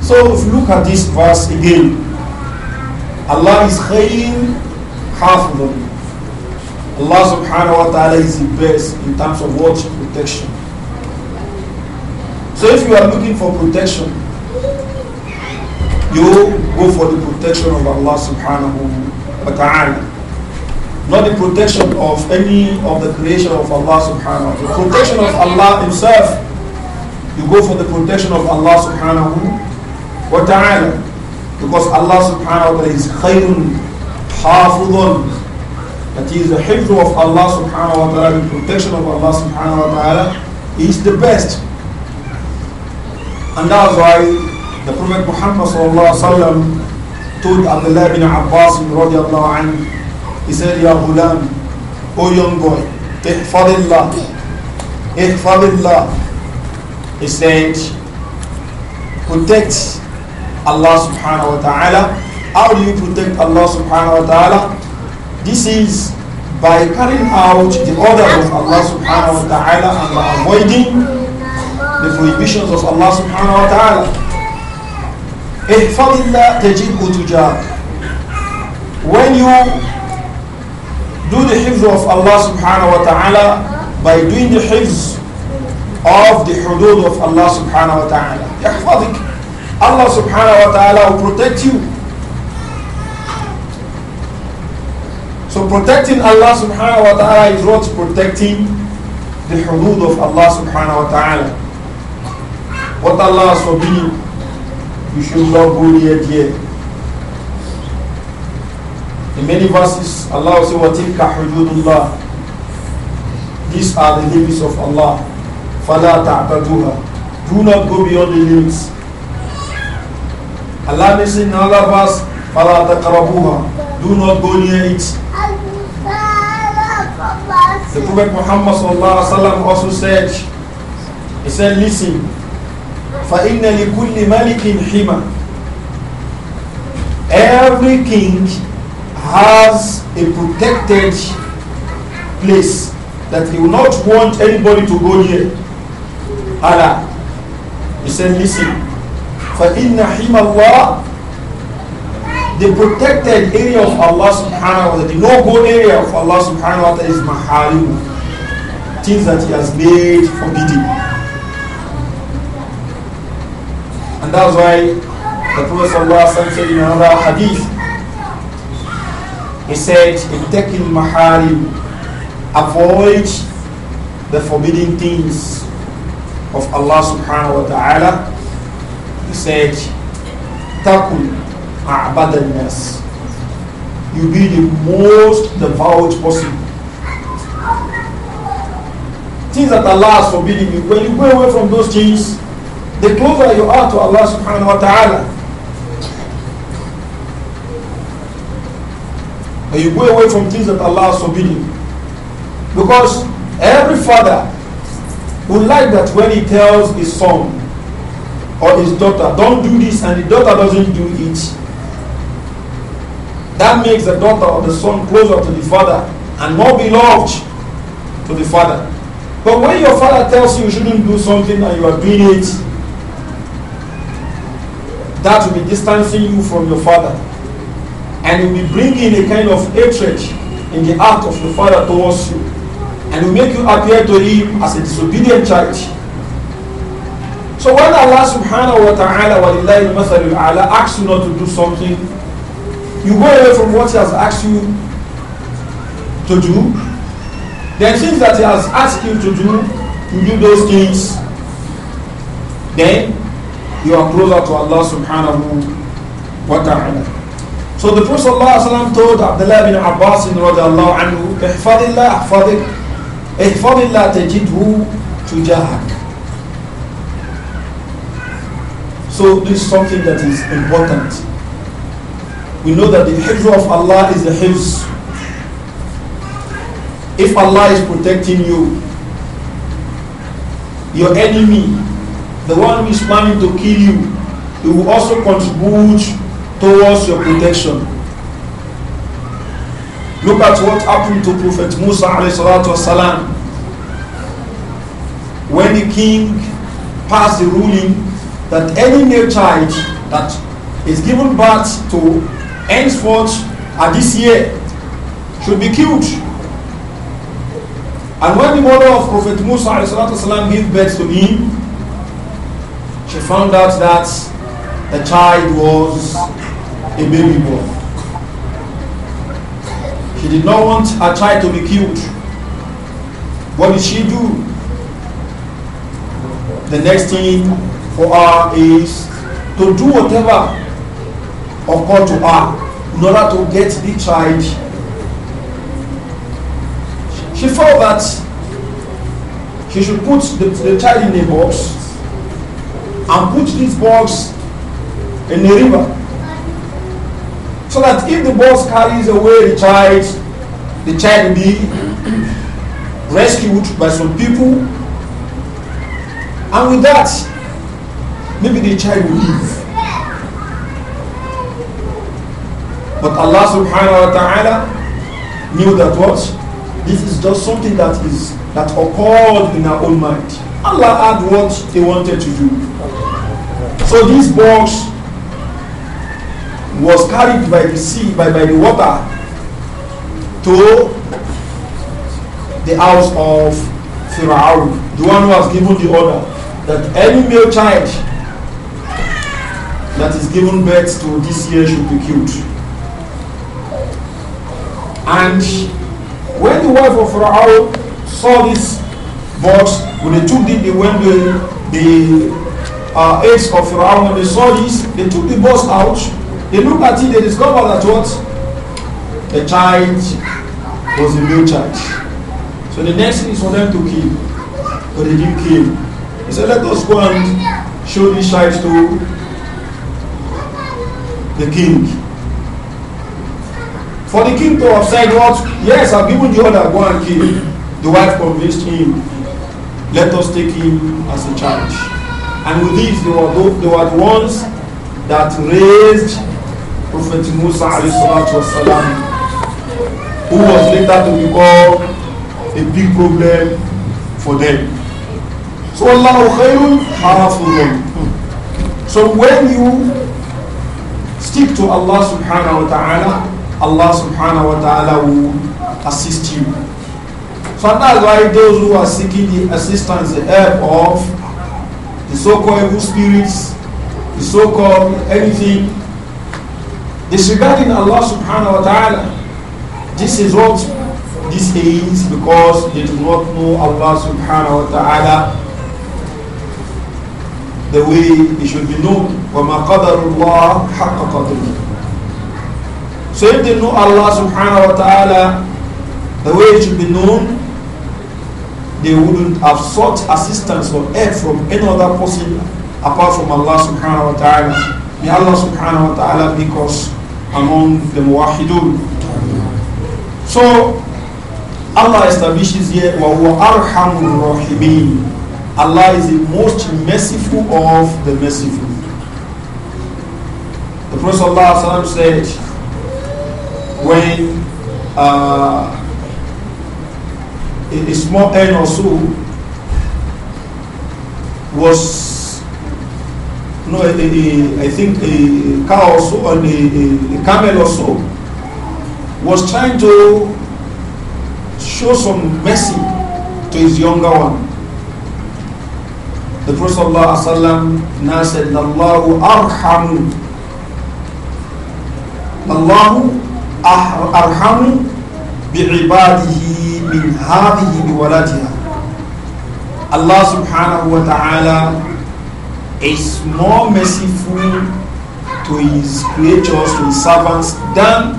So if you look at this verse again, Allah is khayrin hafidun. Allah subhanahu wa ta'ala is the best in terms of and protection. So if you are looking for protection, you go for the protection of Allah subhanahu wa ta'ala. Not the protection of any of the creation of Allah subhanahu wa ta'ala. The protection of Allah himself. You go for the protection of Allah subhanahu wa ta'ala. Because Allah subhanahu wa ta'ala is khayrun hafudun. That is the hifru of Allah subhanahu wa ta'ala, the protection of Allah subhanahu wa ta'ala is the best. And that's why the Prophet Muhammad sallallahu alayhi wa told Abdullah bin Abbas radiallahu anhu, he said, Ya ghulam, O young boy, ihfadillah, ihfadillah. He said, protect Allah subhanahu wa ta'ala. How do you protect Allah subhanahu wa ta'ala? This is by carrying out the order of Allah subhanahu wa ta'ala and by avoiding the prohibitions of Allah subhanahu wa ta'ala. when you do the hifz of Allah subhanahu wa ta'ala by doing the hifz of the hudud of Allah subhanahu wa ta'ala يحفظك Allah subhanahu wa ta'ala will protect you. So protecting Allah subhanahu wa ta'ala is what protecting the hudud of Allah subhanahu wa ta'ala. What Allah has forbidden, you should not go near yet. In many verses, Allah says, say, وَتِلْكَ حُدُودُ اللَّهِ These are the limits of Allah. فَلَا تَعْتَدُوهَا Do not go beyond the limits. Allah is in all of us, فَلَا تَقْرَبُوهَا Do not go near it. The Prophet Muhammad also said, he said, listen, فَإِنَّ لِكُلِّ مَلِكٍ حِمَى Every king has a protected place that he will not want anybody to go near. Allah, he said, listen, فَإِنَّ حِمَ اللَّهِ The protected area of Allah subhanahu wa ta'ala, the no-go area of Allah subhanahu wa ta'ala is maharim, things that He has made forbidden. And that's why the Prophet sallallahu said in another hadith, he said, taking maharim, avoid the forbidden things of Allah subhanahu wa ta'ala he said, Takul A'badanas. You be the most devout person. Things that Allah is forbidding. you, when you go away from those things, the closer you are to Allah subhanahu wa ta'ala. When you go away from things that Allah has forbidden. Because every father would like that when he tells his son, or his daughter, don't do this, and the daughter doesn't do it, that makes the daughter or the son closer to the father and more beloved to the father. But when your father tells you you shouldn't do something and you are doing it, that will be distancing you from your father. And it will be bringing a kind of hatred in the heart of your father towards you. And will make you appear to him as a disobedient child. So when Allah subhanahu wa ta'ala wa ala asks you not to do something, you go away from what He has asked you to do. Then things that He has asked you to do, you do those things. Then you are closer to Allah subhanahu wa ta'ala. So the Prophet Wasallam told Abdullah bin Abbas radiallahu anhu, احفظ الله احفظك احفظ الله تجده تجاهك So this is something that is important. We know that the hifz of Allah is the hifz. If Allah is protecting you, your enemy, the one who is planning to kill you, he will also contribute towards your protection. Look at what happened to Prophet Musa والسلام. when the king passed the ruling that any male child that is given birth to henceforth at uh, this year should be killed. And when the mother of Prophet Musa gave birth to him, she found out that the child was a baby boy. She did not want her child to be killed. What did she do? The next thing for her is to do whatever of God to her in order to get the child. She felt that she should put the, the child in a box and put this box in a river. So that if the box carries away the child, the child will be rescued by some people. And with that, maybe the child will live. But Allah subhanahu wa ta'ala knew that what? This is just something that is that occurred in our own mind. Allah had what they wanted to do. So this box was carried by the sea, by, by the water to the house of Pharaoh, the one who has given the order that any male child that is given birth to this year should be killed. And when the wife of Pharaoh saw this box, when they took it, they went the, the uh, of Pharaoh, when they saw this, they took the box out, they looked at it, they discovered that what? The child was a male child. So the next thing is for them to kill. But they didn't kill. They said, let us go and show this child to the king. For the king to have said what? Yes, I've given the order, go and kill. The wife convinced him, let us take him as a charge. And with this, they were, those, they were the ones that raised Prophet Musa والسلام, who was later to become a big problem for them. So Allah khairun harafun hmm. So when you Stick to Allah subhanahu wa ta'ala. Allah subhanahu wa ta'ala will assist you. So that's why those who are seeking the assistance, the help of the so-called evil spirits, the so-called anything, disregarding Allah subhanahu wa ta'ala, this is what this is because they do not know Allah subhanahu wa ta'ala the way it should be known. وَمَا قَدَرُ اللَّهَ حَقَّ قَدْرِهِ So if they know Allah subhanahu wa ta'ala the way it should be known, they wouldn't have sought assistance or help from any other person apart from Allah subhanahu wa ta'ala. May Allah subhanahu wa ta'ala be among the muwahidun. So Allah establishes here وَهُوَ أَرْحَمُ الرَّحِمِينَ Allah is the most merciful of the merciful. The Prophet ﷺ said, when uh, a small hen or so was, no, I think a cow or so, or a, a camel or so, was trying to show some mercy to his younger one. The Prophet ﷺ now said, Allahu arhamu. Allahu arhamu bi'ibadihi min hadihi biwalatiha. Allah subhanahu wa ta'ala is more merciful to his creatures, to his servants, than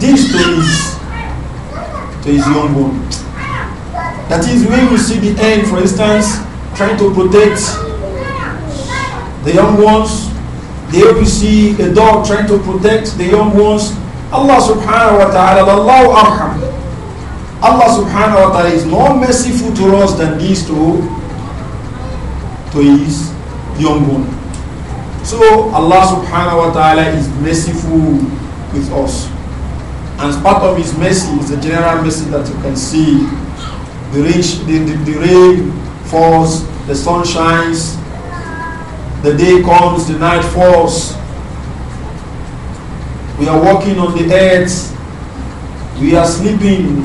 this to his, to his young one. That is when you see the end, for instance, trying to protect the young ones. The APC, a dog trying to protect the young ones. Allah subhanahu wa ta'ala, Allahu arham. Allah subhanahu wa ta'ala is more merciful to us than these two to his young one. So Allah subhanahu wa ta'ala is merciful with us. And part of his mercy is the general mercy that you can see. The rich, the, the, the rain falls, the sun shines, the day comes, the night falls. We are walking on the earth, we are sleeping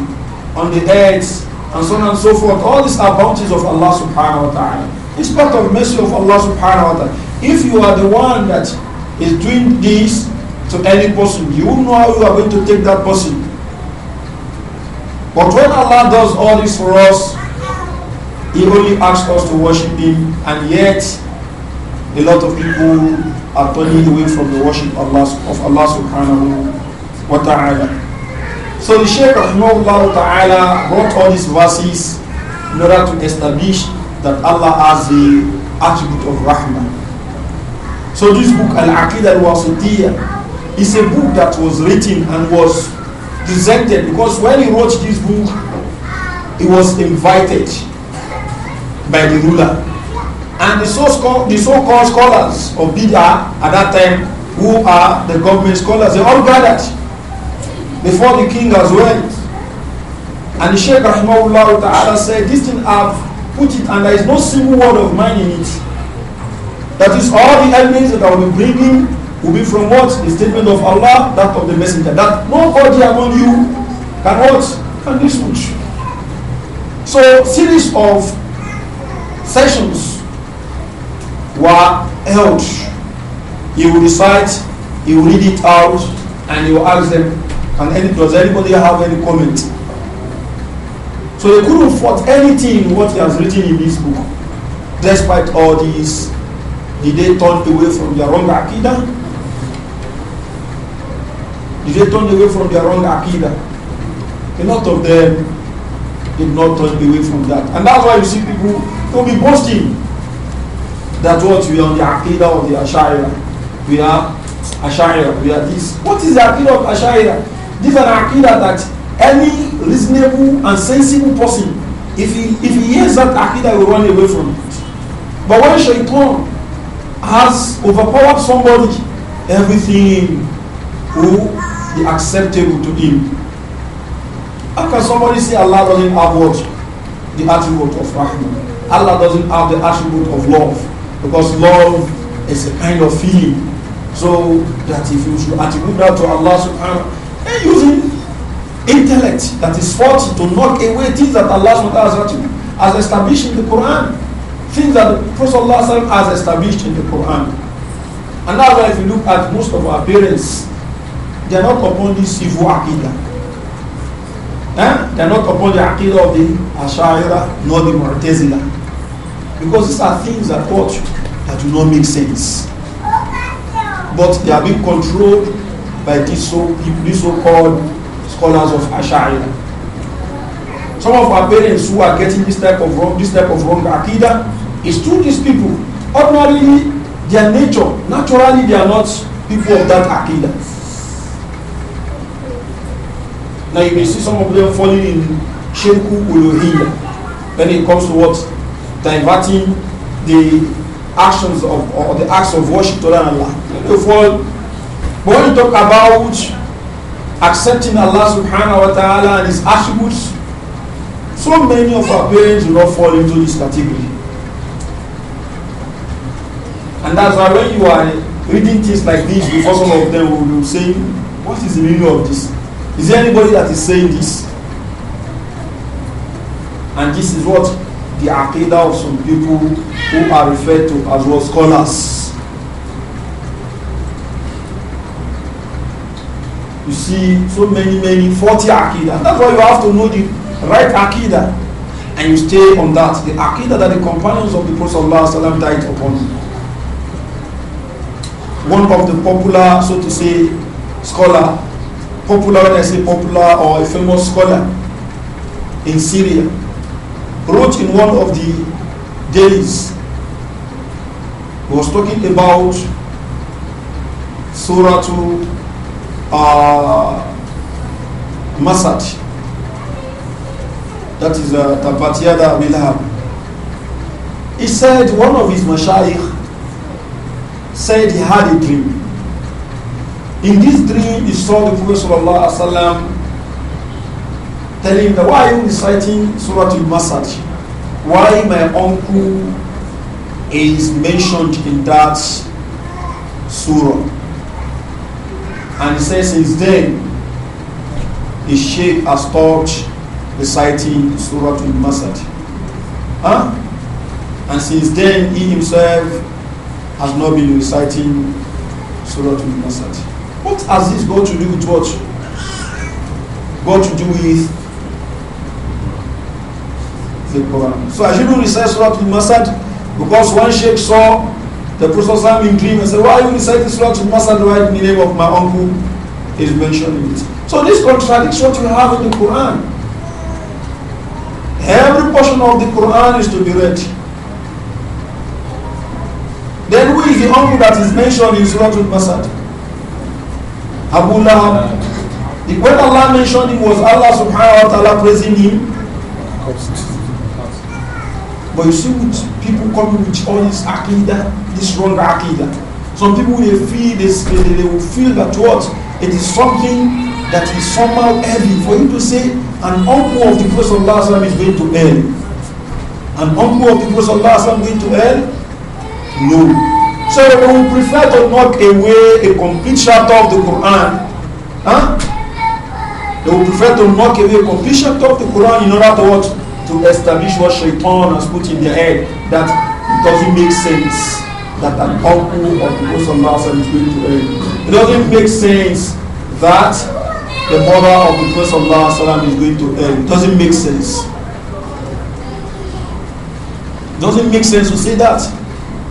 on the earth, and so on and so forth. All these are bounties of Allah subhanahu wa ta'ala. It's part of mercy of Allah subhanahu wa ta'ala. If you are the one that is doing this to any person, you will know how you are going to take that person. But when Allah does all this for us, he only asks us to worship Him, and yet a lot of people are turning away from the worship of Allah, of Allah subhanahu wa ta'ala. So the Shaykh of Allah ta'ala brought all these verses in order to establish that Allah has the attribute of Rahman. So this book, Al-Aqidah al-Wasitiyah, is a book that was written and was presented because when he wrote this book, he was invited by the ruler. And the so-called so scholars of Bid'ah at that time, who are the government scholars, they all gathered before the king as well. And the Sheikh Rahimahullah Ta'ala said, this thing I've put it and there is no single word of mine in it. That is all the elements that I will be bringing will be from what? The statement of Allah, that of the messenger. That nobody among you can what? Can this much. So series of sessions were held. He would recite, he would read it out, and he would ask them, Can any, does anybody have any comment? So they couldn't fault anything in what he has written in this book. Despite all these, did they turn away from their wrong akida? Did they turn away from their wrong akida? A lot of them did not turn away from that. And that's why you see people will be boasting that what we are on the Aqidah of the Ash'ari. We are Ash'ari, we are this. What is the Aqidah of Ash'ari? This is an Aqidah that any reasonable and sensible person, if he, if he hears that Aqidah, will run away from it. But when Shaitan has overpowered somebody, everything will be acceptable to him. How can somebody say Allah doesn't have what? The attribute of Rahman. Allah doesn't have the attribute of love because love is a kind of feeling. So that if you should attribute that to Allah subhanahu using intellect that is faulty to knock away things that Allah subhanahu has established in the Quran. Things that the Prophet has established in the Quran. And that's why if you look at most of our parents, they are not upon this evil aqidah. Eh? They are not upon the aqidah of the ashaira nor the Mu'tazila. Because these are things that what that do not make sense. But they are being controlled by these so these so-called scholars of Ash'ari. Some of our parents who are getting this type of wrong, this type of wrong akida is through these people. Ordinarily, their nature, naturally they are not people of that akida. Now you may see some of them falling in shirku uluhiyya when it comes to what diverting the actions of or the acts of worship to Allah. You fall. But when you talk about accepting Allah subhanahu wa ta'ala and his attributes, so many of our parents will not fall into this category. And that's why when you are reading things like this, before some of them will be saying, What is the meaning of this? Is there anybody that is saying this? And this is what the aqidah of some people who are referred to as well scholars. You see so many, many, 40 aqidah. That's why you have to know the right aqidah. And you stay on that. The aqidah that the companions of the Prophet ﷺ died upon. One of the popular, so to say, scholar, popular when I say popular or a famous scholar in Syria, wrote in one of the dailies, he was talking about Surah to uh, Masad. That is uh, Tabatiada Wilhab. He said one of his mashayikh said he had a dream. In this dream, he saw the Prophet Sallallahu Tell him that why are you reciting Surah Al-Masad? Why my uncle is mentioned in that surah? And he says since then the sheikh has taught reciting Surah Al-Masad. Huh? And since then he himself has not been reciting Surah Al-Masad. What has this got to do with what? Got to do with the Quran. So I should recite Surah Al-Masad because one sheikh saw the Prophet in dream and said, why are you reciting Surah Al-Masad right in the name of my uncle is mentioning it. So this contradicts what you have in the Quran. Every portion of the Quran is to be read. Then who is the uncle that is mentioned in Surah Al-Masad? Abu Lahab. When Allah mentioned him, was Allah subhanahu wa ta'ala praising him? But you see with people coming with all this akidah, this wrong akidah. Some people they feel this, they, they will feel that what it is something that is somehow heavy for him to say an uncle of the Prophet of Allah is going to hell. An uncle of the Prophet of Allah is going to hell? No. So we would prefer to knock away a complete chapter of the Quran. Huh? They would prefer to knock away a complete chapter of the Quran in order to what? to establish what shaitan has put in their head that it doesn't make sense that an uncle of the Prophet is going to hell. It doesn't make sense that the mother of the Prophet is going to hell. It doesn't make sense. It doesn't make sense to say that.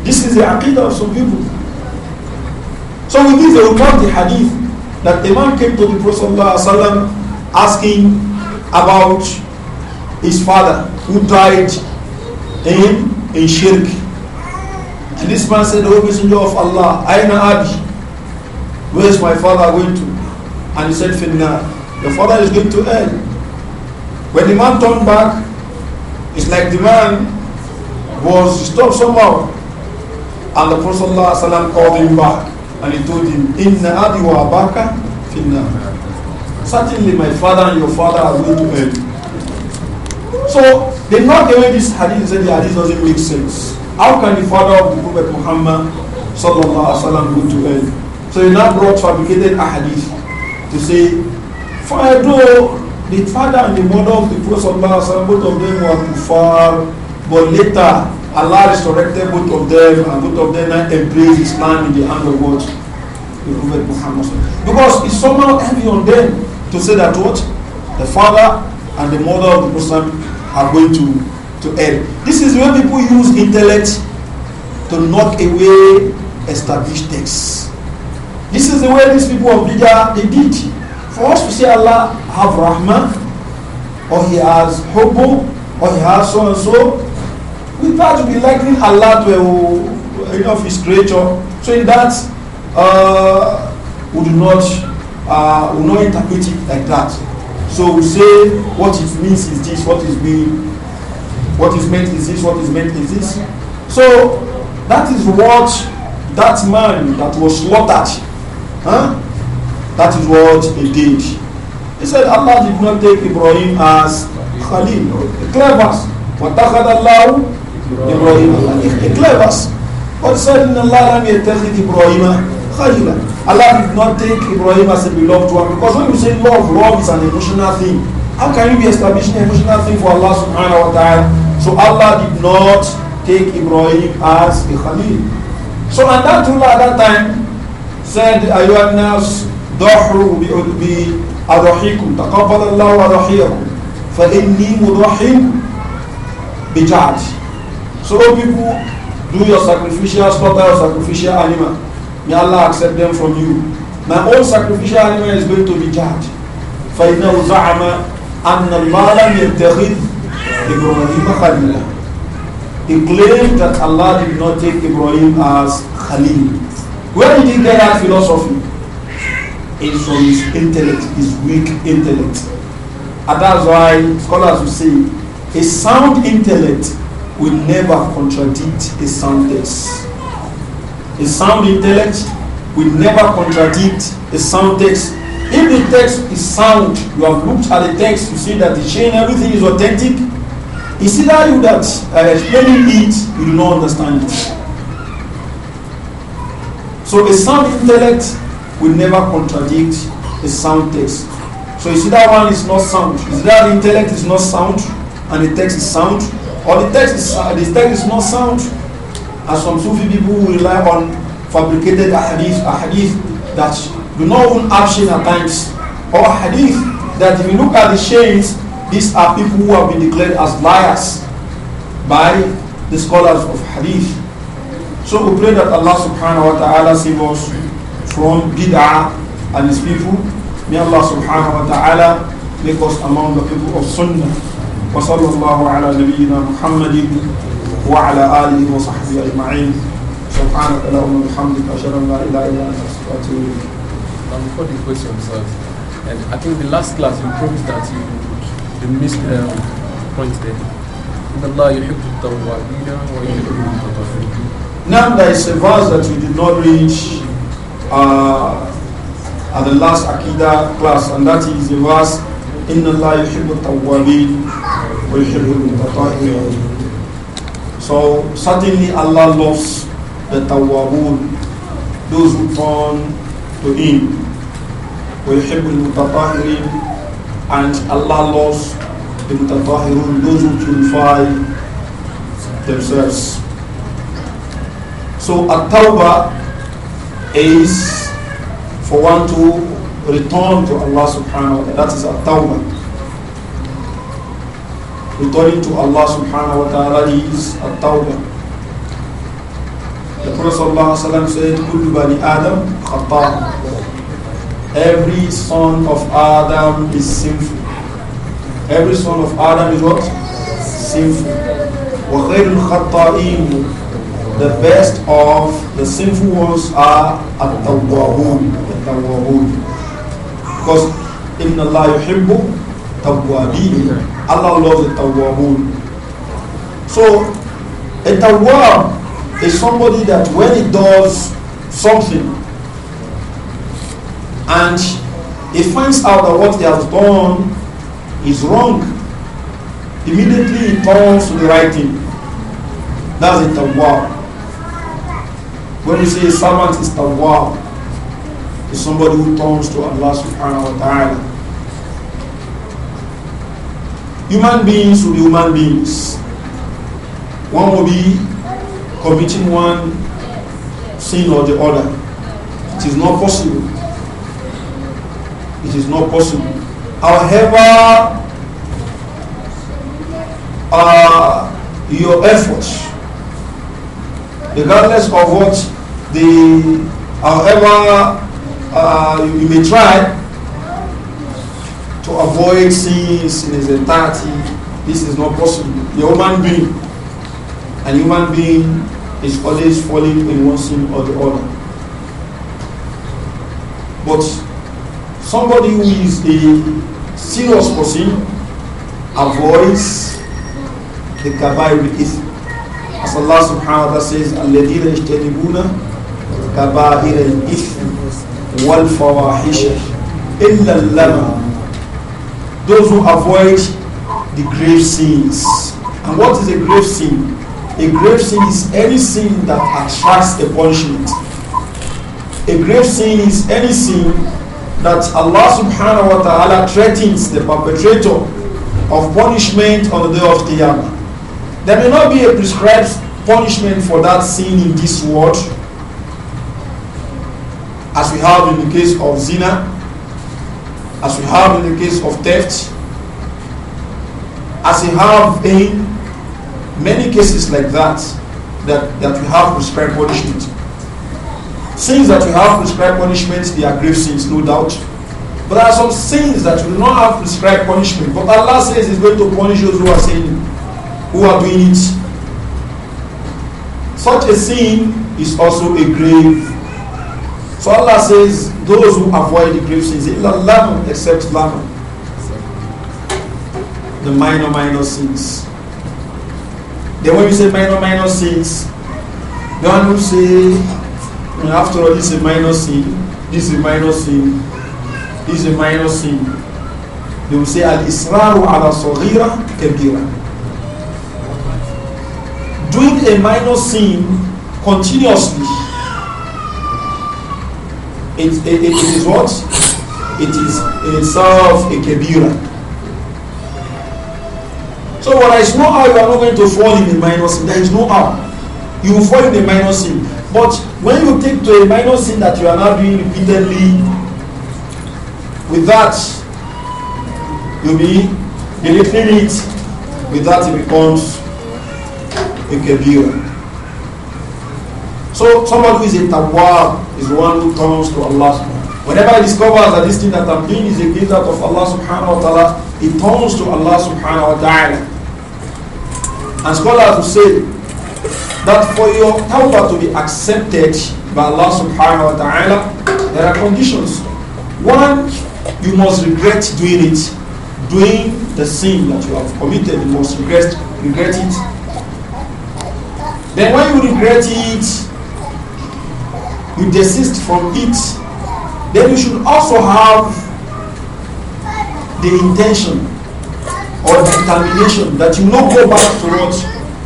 This is the aqidah of some people. So with this, they will the hadith that a man came to the Prophet asking about his father who died in, in shirk. And this man said, O Messenger of Allah, Aina Abi, where is my father going to? And he said, Finna, your father is going to hell. When the man turned back, it's like the man was stopped somehow. And the Prophet ﷺ called him back and he told him, Inna Abi wa Abaka, Finna. Certainly my father and your father are going to hell. So they not away this hadith and said the hadith doesn't make sense. How can the father of the Prophet Muhammad sallallahu alaihi wasallam go to hell? So he now brought fabricated hadith to say, although the father and the mother of the Prophet sallallahu alaihi both of them were kuffar, but later Allah resurrected both of them and both of them now embraced Islam in the hand of what the Prophet Muhammad. Because it's somehow heavy on them to say that what? The father and the mother of the Prophet are going to, to hell. This is where people use intellect to knock away established texts. This is the way these people of Bidah they did. For us to say Allah have Rahman, or He has hobo or He has so and so, we try to be likening Allah to a, you know, His creature. So in that, uh, we do not, uh, we do not interpret it like that. So we say what it means is this, what is being, what is meant is this, what is meant is this. So that is what that man that was slaughtered, huh? that is what he did. He said Allah did not take Ibrahim as Khalil, a clever's. وَاتَّخَذَ اللَّهُ إِبْرَاهِيمَ Ibrahim, A clever's. But said in Allah لم يتخذ Ibrahim Khalil. Allah did not take Ibrahim as a beloved one because when you say love, love is an emotional thing. How can you be establishing an emotional thing for Allah subhanahu wa ta'ala? So Allah did not take Ibrahim as a Khalil. So and that ruler at that time said, Ayuannas ضحوا بأضحيكم تقبل الله أضحيكم فإني مضحي بجعد So people, do your sacrificial, slaughter your sacrificial animal. May Allah accept them from you. My own sacrificial animal is going to be judged. فإنه زعم أن الله لم يتخذ إبراهيم خليلا. He claimed that Allah did not take Ibrahim as Khalil. Where did he get that philosophy? It's from his intellect, his weak intellect. And that's why scholars will say a sound intellect will never contradict a soundness. A sound intellect will never contradict a sound text. If the text is sound, you have looked at the text, you see that the chain, everything is authentic. It's either you that are explaining it, you do not understand it. So a sound intellect will never contradict a sound text. So you see that one is not sound. Is that the intellect is not sound and the text is sound? Or the text is, the text is not sound and some Sufi people who rely on fabricated ahadith, ahadith that do not own action at times, or hadith that if you look at the chains, these are people who have been declared as liars by the scholars of hadith. So we pray that Allah subhanahu wa ta'ala save us from bid'ah and his people. May Allah subhanahu wa ta'ala make us among the people of sunnah. وصلى الله على نبينا محمد وعلى آله وصحبه أجمعين سبحانك اللهم وبحمدك أشهد أن لا إله إلا أنت أستغفرك Um, before the question, sir, and I think the last class you promised that you, the missed a point there. إن الله يحب التوابين ويحب المتطهرين. Now there is a verse that you did not reach uh, at the last Akida class, and that is the verse In Allah, you إن الله يحب التوابين ويحب المتطهرين. So certainly Allah loves the tawwabun, those who turn to Him. and Allah loves the mutatahirun, those who purify themselves. So a tawbah is for one to return to Allah subhanahu wa ta'ala. That is at-tawbah returning to Allah subhanahu wa ta'ala is at tawbah. The Prophet ﷺ said, Kullu bani Adam khata. Every son of Adam is sinful. Every son of Adam is what? Sinful. وَغَيْرُ الْخَطَّائِينَ The best of the sinful ones are التوابون التوابون Because إِنَّ اللَّهَ يُحِبُّ تَوَّابِينَ Allah loves the tawwabun. So a tawwab is somebody that when he does something and he finds out that what he has done is wrong, immediately he turns to the right thing. That's a tawwab. When you say a servant is tawwab, it's somebody who turns to Allah subhanahu wa ta'ala Human beings will be human beings. One will be committing one sin or the other. It is not possible. It is not possible. However, uh, your efforts, regardless of what the, however uh, you may try, to avoid sins in its entirety, this is not possible. The human being, a human being is always falling in one sin or the other. But somebody who is a serious person avoids the kabair with As Allah subhanahu wa ta'ala says, الَّذِينَ يَجْتَنِبُونَ كَبَائِرَ الْإِثْمِ illa al-lama those who avoid the grave sins. And what is a grave sin? A grave sin is any sin that attracts a punishment. A grave sin is any sin that Allah subhanahu wa ta'ala threatens the perpetrator of punishment on the day of Qiyamah. There may not be a prescribed punishment for that sin in this world, as we have in the case of zina, as we have in the case of theft, as we have in many cases like that, that, that we have prescribed punishment. Sins that we have prescribed punishment, they are grave sins, no doubt. But there are some sins that will not have prescribed punishment. But Allah says He's going to punish those who are sinning, who are doing it. Such a sin is also a grave. So Allah says, those who avoid the grave sins lam except lam the minor minor sins then when you say minor minor sins the one who say mm, after all this is a minor sin this is a minor sin this is a minor sin they will say al-israru ala saghira kabira doing a minor sin continuously it, it, it is what? It is itself a kebira. So when there is no how, you are not going to fall in a minus sin. There is no how. You will fall in a minus sin. But when you take to a minor sin that you are now doing repeatedly, with that, you'll be deleting it. With that, it becomes a kebira. So someone who is in taqwa is one who turns to Allah Whenever he discovers that this thing that I'm doing is a gift of Allah subhanahu wa ta'ala, he turns to Allah subhanahu wa ta'ala. And scholars will say that for your tawbah to be accepted by Allah subhanahu wa ta'ala, there are conditions. One, you must regret doing it. Doing the sin that you have committed, you must regret, regret it. Then when you regret it, you desist from it, then you should also have the intention or determination that you will not go back to what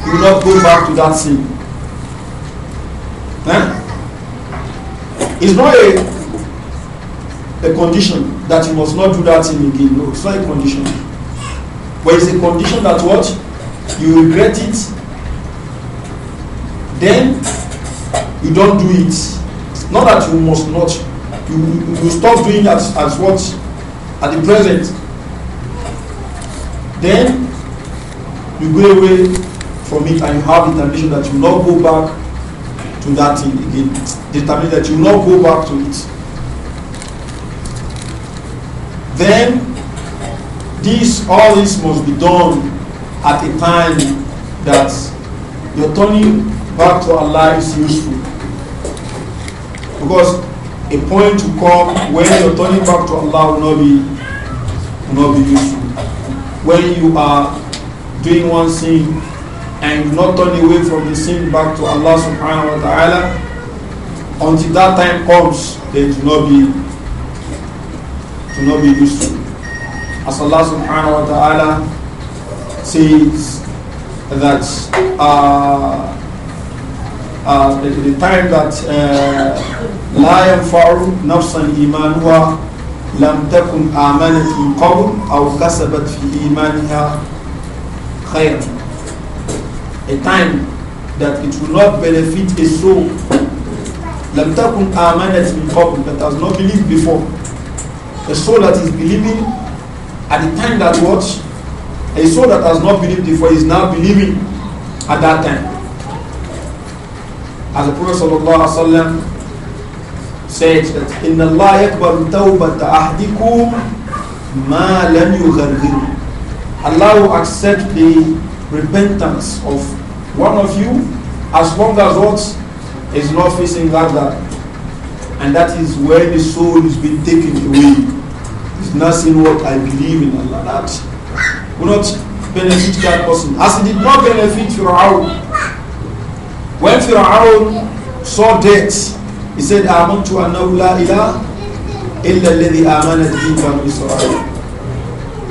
you will not go back to that sin. Eh? It's not a a condition that you must not do that thing again. No, it's not a condition. But it's a condition that what you regret it, then you don't do it. Not that you must not, you, you stop doing as, as what at the present. Then you go away from it and you have determination that you will not go back to that thing again. Determination that you will not go back to it. Then this all this must be done at a time that your turning back to Allah is useful. Because a point to come when you're turning back to Allah will not be, will not be useful. When you are doing one sin and you not turn away from the sin back to Allah subhanahu wa ta'ala, until that time comes, they do not be, do not be useful. As Allah subhanahu wa ta'ala says that uh, uh, the, the, time that لا ينفع نفسا إيمانها لم تكن آمنت من قبل أو كسبت في إيمانها خيرا a time that it will not benefit a soul لم تكن آمنت قبل that has not believed before a soul that is believing at the time that what a soul that has not believed before is now believing at that time as the Prophet ﷺ said that in Allah yakbar تَوْبَةَ أَحْدِكُمْ ma لَمْ يُغَرْغِرُ Allah will accept the repentance of one of you as long as what is not facing that. And that is where the soul is being taken away. It's nothing what I believe in Allah. That will not benefit that person. As it did not benefit your own. When Fir'aun saw death, he said, Amantu annahu la ilah illa alladhi amanat bi banu Israel.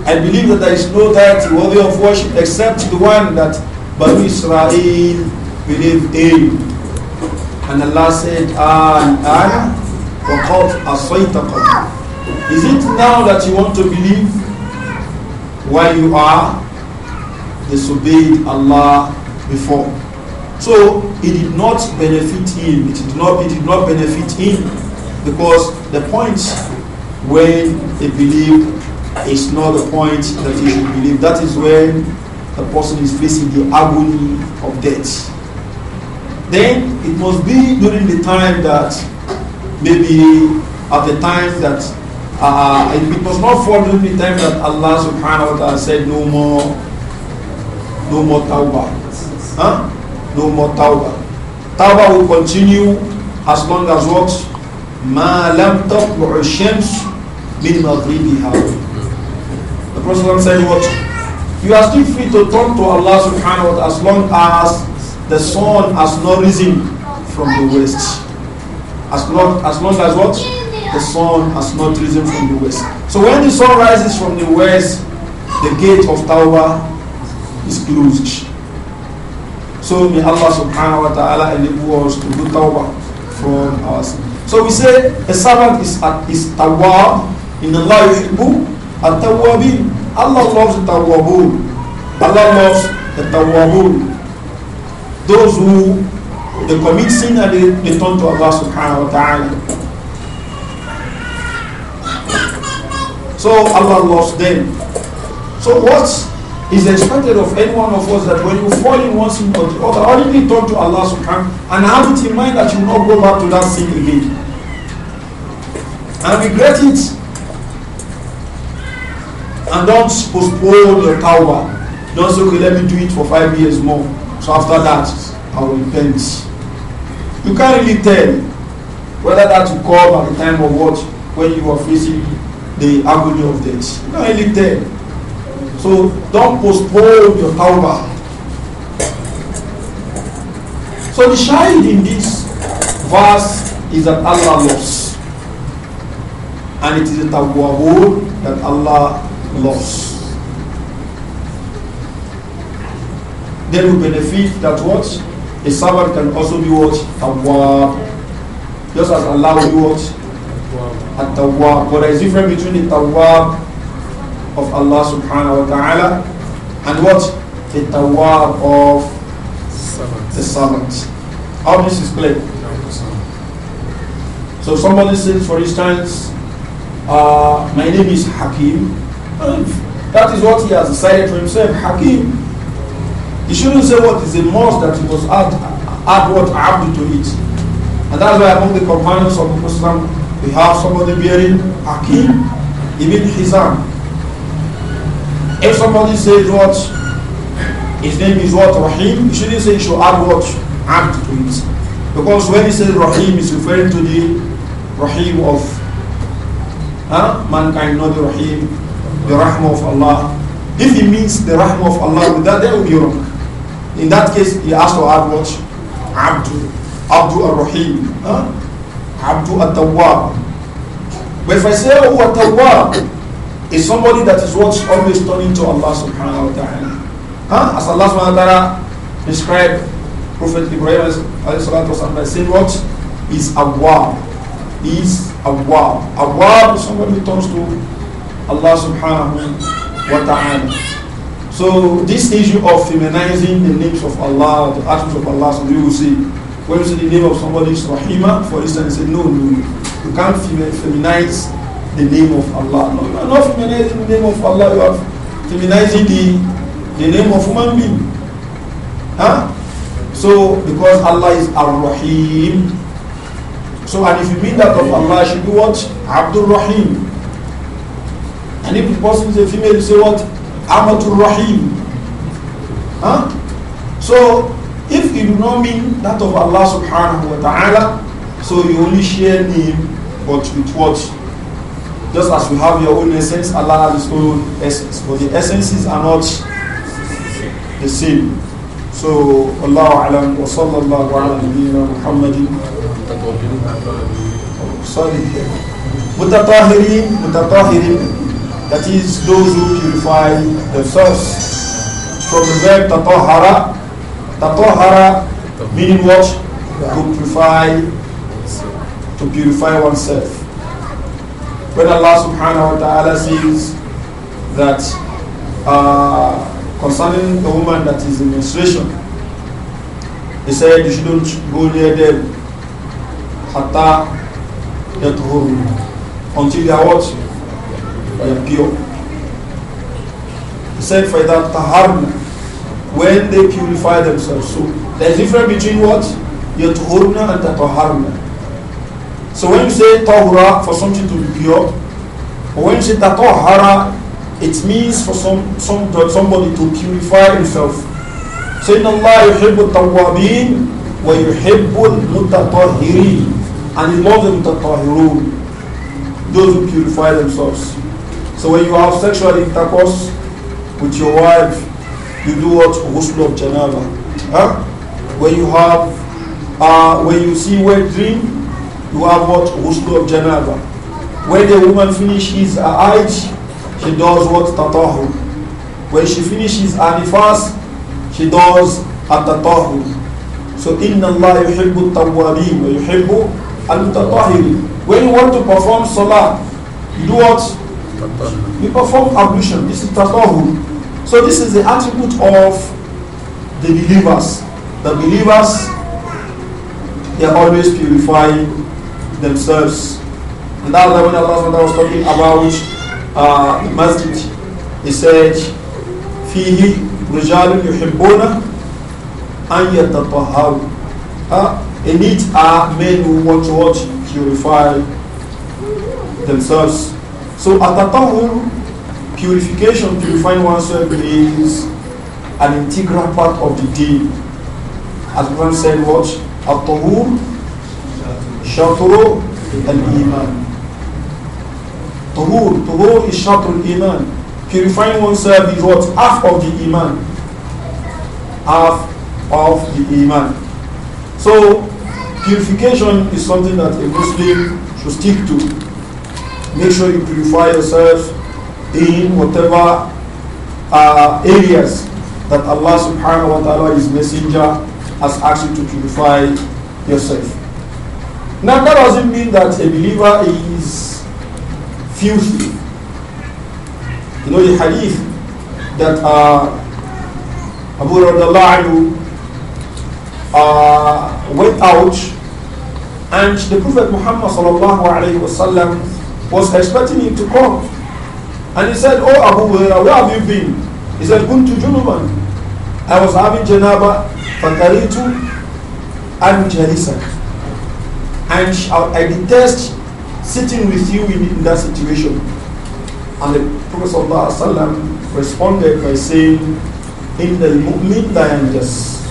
I believe that there is no deity worthy of worship except the one that Banu Israel believed in. And Allah said, Ah, ana waqad Is it now that you want to believe where you are disobeyed Allah before? So it did not benefit him. It did not, it did not benefit him because the point when he believed is not the point that he should believe. That is when the person is facing the agony of death. Then it must be during the time that maybe at the time that uh, it, it must not fall during the time that Allah subhanahu wa ta'ala said no more no more tawbah. Huh? no more tawbah. Tawbah will continue as long as what? ما لم تطلع الشمس من مغربها. The Prophet said what? You are still free to turn to Allah subhanahu wa ta'ala as long as the sun has not risen from the west. As long as, long as what? The sun has not risen from the west. So when the sun rises from the west, the gate of Tawbah is closed. So may Allah subhanahu wa ta'ala enable us to do tawbah from our sin. So we say a servant is at is tawab in Allah yuhibbu at tawabin. Allah loves the tawabun. Allah loves the tawabun. Those who they commit sin and they, they turn to Allah subhanahu wa ta'ala. So Allah loves them. So what it's expected of any one of us that when you fall in one sin or the other, already talk to Allah subhanahu and have it in mind that you will not go back to that sin again. And regret it. And don't postpone your tawbah. Don't say, okay, let me do it for five years more. So after that, I will repent. You can't really tell whether that will come at the time of what, when you are facing the agony of death. You can't really tell. So don't postpone your power. So the shahid in this verse is that Allah loves. And it is the tawbah that Allah loves. Then we benefit that what? A servant can also be what? Tawwab. Just as Allah will be what? At tawwab. But there is difference between the tawwab of Allah subhanahu wa ta'ala and what? The tawab of the servant. How this is played? So somebody says, for instance, uh, my name is Hakim. that is what he has decided for himself, Hakim. He shouldn't say what is the most that he must add, add what Abdu to it. And that's why among the companions of the Muslim, we have somebody bearing Hakim his Hizam. If somebody says what his name is what Rahim, you shouldn't say you should add what Abd to it. Because when he says Rahim, he's referring to the Rahim of huh? mankind, not the Rahim, the Rahmah of Allah. If he means the Rahmah of Allah with that, that would be wrong. In that case, he has to add what? Abdu. Abdu al-Rahim. Huh? Abdu al-Tawwab. But if I say, oh, tawwab is somebody that is what always turning to Allah subhanahu wa ta'ala. Huh? As Allah subhanahu wa ta'ala described Prophet Ibrahim by saying what is awwab. Is awwab. Awwab is somebody who turns to Allah subhanahu wa ta'ala. So this issue of feminizing the names of Allah, the attributes of Allah, so you will see when you see the name of somebody is Rahima, for instance, you say, no, no, you can't feminize the name of Allah. No, you are not humanizing the name of Allah, you are feminizing the, the name of human being. Huh? So, because Allah is Ar-Rahim. So, and if you mean that of Allah, should be what? Abdul Rahim. And if the person is a female, you say what? Amatul Rahim. Huh? So, if you do not mean that of Allah subhanahu wa ta'ala, so you only share name, but with what? Just as you have your own essence, Allah has his own essence. But the essences are not the same. So Allah alam wa sallallahu ala nabiyyina Muhammadin. Sorry. Mutatahirin, mutatahirin. That is those who purify themselves. From the verb tatahara, tatahara meaning what? To purify, to purify oneself. When Allah subhanahu wa ta'ala says that uh, concerning the woman that is in menstruation, He said you shouldn't go near them hatta yathur until they are what? They are pure. He said for that taharna when they purify themselves. So there's a difference between what? Yathurna and tataharna. So when you say tahura for something to be pure, or when you say tatahara, it means for some, some somebody to purify himself. So in Allah yuhibbu tawwabin wa yuhibbu mutatahirin. And he loves the mutatahirun, those who purify themselves. So when you have sexual intercourse with your wife, you do what? Ghusl of janaba. Huh? When you have, uh, when you see wet dream, you have what? Ghusl of Janaba. When the woman finishes her Hajj, she does what? Tatahu. When she finishes her nifas, she does a Tatahu. So, Inna Allah yuhibbu tawwabin wa yuhibbu al-tatahirin. When you want to perform salah, you do what? You perform ablution. This is Tatahu. So this is the attribute of the believers. The believers, they are always purifying themselves. And that's why when Allah was talking about uh, the masjid, he said, "Fihi رجال يحبون an يتطهروا uh, In it are men who want to watch Purify themselves. So atatahur, purification, purifying oneself is an integral part of the deed. As one said what? At-tahur شطر الإيمان Tuhur, Tuhur is Shatrul Iman. Purifying oneself is what? Half of the Iman. Half of the Iman. So, purification is something that a Muslim should stick to. Make sure you purify yourself in whatever uh, areas that Allah subhanahu wa ta'ala, His Messenger, has asked you to purify yourself. Now that doesn't mean that a believer is filthy. You know the hadith that uh, Abu uh, went out and the Prophet Muhammad sallallahu alayhi wasallam was expecting him to come. And he said, Oh Abu where have you been? He said, Kuntu Junuban. I was having janaba, fakaritu, and jalisak. And I, I detest sitting with you in, in that situation. And the Prophet ﷺ responded by saying, In the mu'min just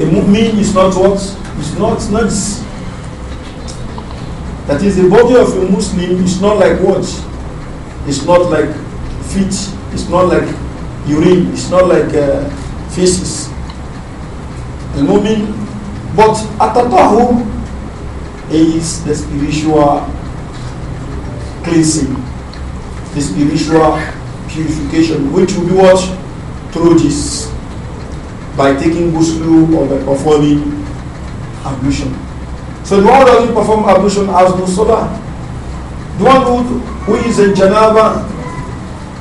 A mu'min is not what? It's not not, That is, the body of a Muslim is not like what? It's not like feet, it's not like urine, it's not like uh, feces. The mu'min, but at the is the spiritual cleansing, the spiritual purification, which will be what? Through this, by taking ghusl or by performing ablution. So the one who does perform ablution has no salah. The one who, who is in Janaba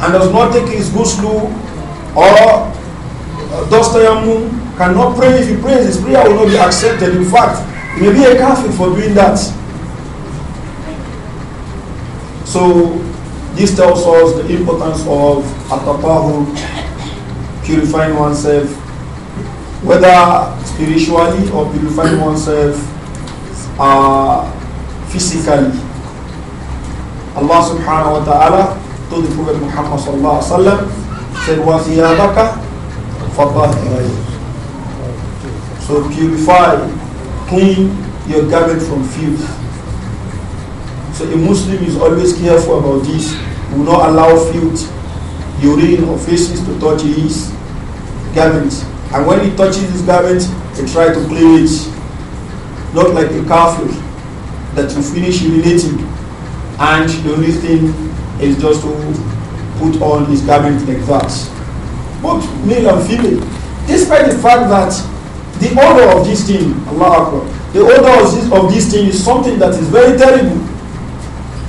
and does not take his ghusl or uh, does cannot pray. If he prays, his prayer will not be accepted. In fact, Maybe may be a coffee for doing that. So this tells us the importance of atapahu, purifying oneself, whether spiritually or purifying oneself uh, physically. Allah subhanahu wa ta'ala told the Prophet Muhammad sallallahu alaihi wasallam said, وَثِيَابَكَ So purify clean your garment from filth. So a Muslim is always careful about this. He will not allow filth, urine or feces to touch his garment. And when he touches his garment, he tries to clean it. Not like a kafir that you finish urinating and the only thing is just to put on his garment like that. Both male and female, despite the fact that the order of this thing, Allah Akbar, the order of this, of this thing is something that is very terrible.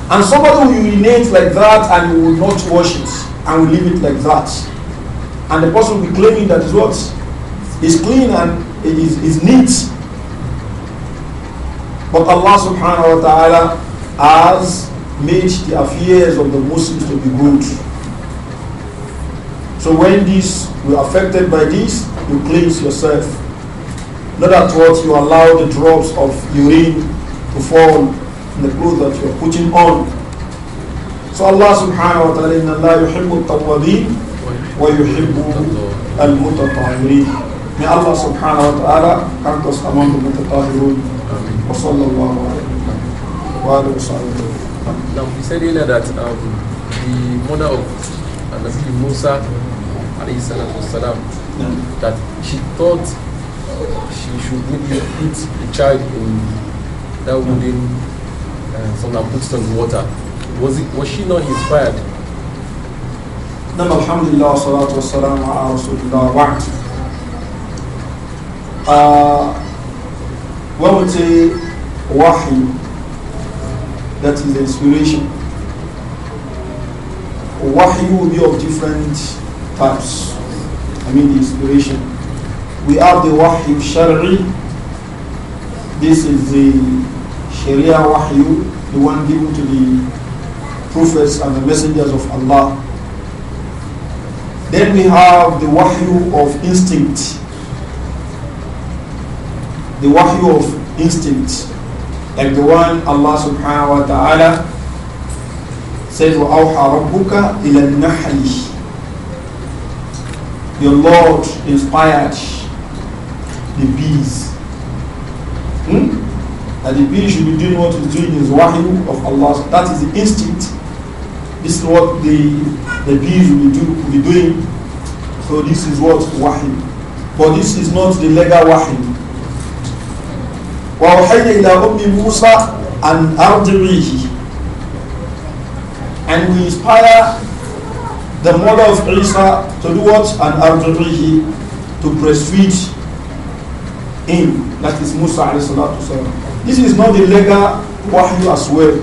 And somebody will urinate like that and will not wash it and will leave it like that. And the person will be claiming that is what? Is clean and it is, is neat. But Allah subhanahu wa ta'ala has made the affairs of the Muslims to be good. So when this, you are affected by this, you cleanse yourself. Not at what you allow the drops of urine to fall in the clothes that you are putting on. So Allah subhanahu wa ta'ala inna Allah yuhibbu al-tawwabin wa yuhibbu al-mutatahhirin. May Allah subhanahu wa ta'ala count us among the mutatahhirun. Wa sallallahu alayhi wa sallam. Now we said earlier that um, the mother of Nabi Musa alayhi salatu wasalam, that she thought she should maybe put a child in that wooden uh, some that puts on water. Was it was she not inspired? نعم الحمد لله والصلاة والسلام على رسول الله وعد when we say wahi that is inspiration wahi will be of different types I mean the inspiration we have the Wahyu Shar'i. This is the Sharia Wahyu, the one given to the prophets and the messengers of Allah. Then we have the Wahyu of instinct. The Wahyu of instinct. Like the one Allah subhanahu wa ta'ala says, وَأَوْحَى رَبُّكَ ila النَّحْلِ Your Lord inspired the bees. Hmm? That the bee should be doing what it's doing is wahyu of Allah. That is the instinct. This is what the, the bees will be, do, be doing. So this is what wahyu. But this is not the legal wahyu. وأوحينا إلى أم موسى أن أرضعيه and we inspire the mother of Isa to do what? An arduihi, to breastfeed him, that is Musa alayhi salatu wasalam. This is not the legal wahyu as well.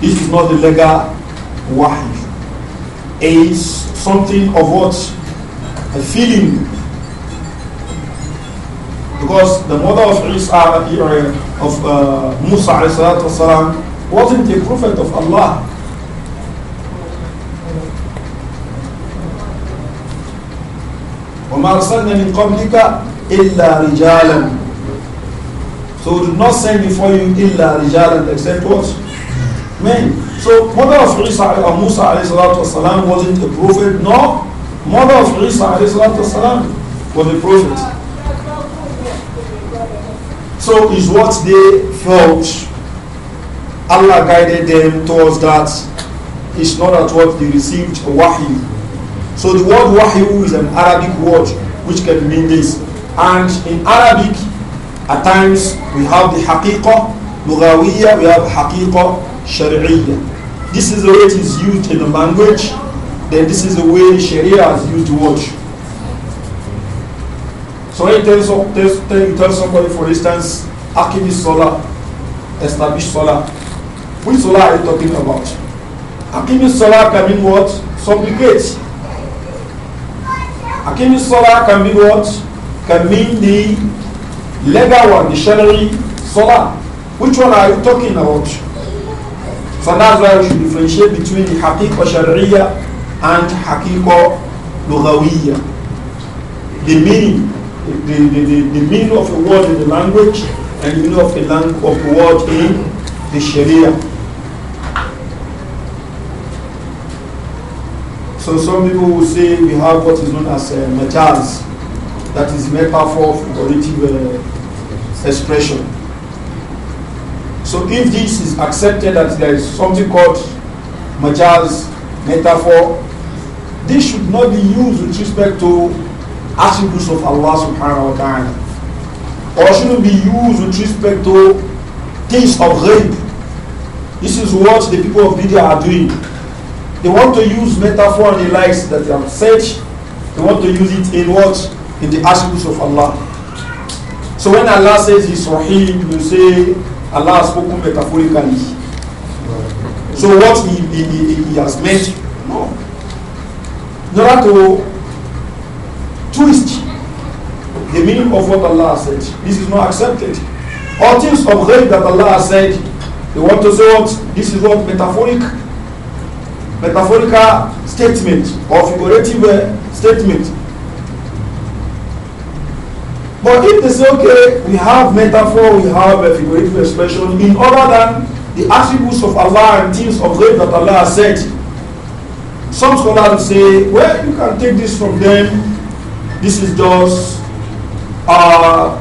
This is not the legal wahyu. It is something of what? A feeling. Because the mother of Isa, uh, of uh, Musa alayhi salatu wasalam, wasn't a prophet of Allah. وما أرسلنا من قبلك إلا رجالا So do not send before you إلا رجالا except what? Men. So mother of Isa or uh, Musa والسلام, wasn't a prophet, no. Mother of Isa والسلام, was a prophet. So is what they felt. Allah guided them towards that. It's not at what they received wahi so the word wahyu is an Arabic word which can mean this. And in Arabic, at times we have the haqiqah lughawiyya, we have haqiqah shari'iyya. This is the way it is used in the language, then this is the way the sharia is used to watch. So when you tell, so, tell, tell, you tell somebody, for instance, Akimi Sola, establish Sola, which Sola are you talking about? Akimi Sola can mean what? Supplicate. Akimi Salah can be what? Can mean the legal one, the Sharia Salah. Which one are you talking about? So that's why we should differentiate between the hakiko Sharia and hakiko Lugawiyya. The meaning, the, the, the, the, meaning of a word in the language and the meaning of a, lang- of a word in the Sharia. So some people will say we have what is known as uh, majaz, that is metaphor, figurative uh, expression. So if this is accepted that there is something called majaz, metaphor, this should not be used with respect to attributes of Allah subhanahu wa ta'ala. Or shouldn't be used with respect to things of rape. This is what the people of India are doing. They want to use metaphor and the likes that they have said. They want to use it in what? In the attributes of Allah. So when Allah says He's Rahim, you say Allah has spoken metaphorically. So what he, he, he, has meant, no. In order to twist the meaning of what Allah said, this is not accepted. All things of that Allah said, they want to say what? This is what metaphoric metaphorical statement or figurative uh, statement. But if they say, okay, we have metaphor, we have a figurative expression, in other than the attributes of Allah and things of God that Allah has said, some scholars say, well, you can take this from them. This is just uh,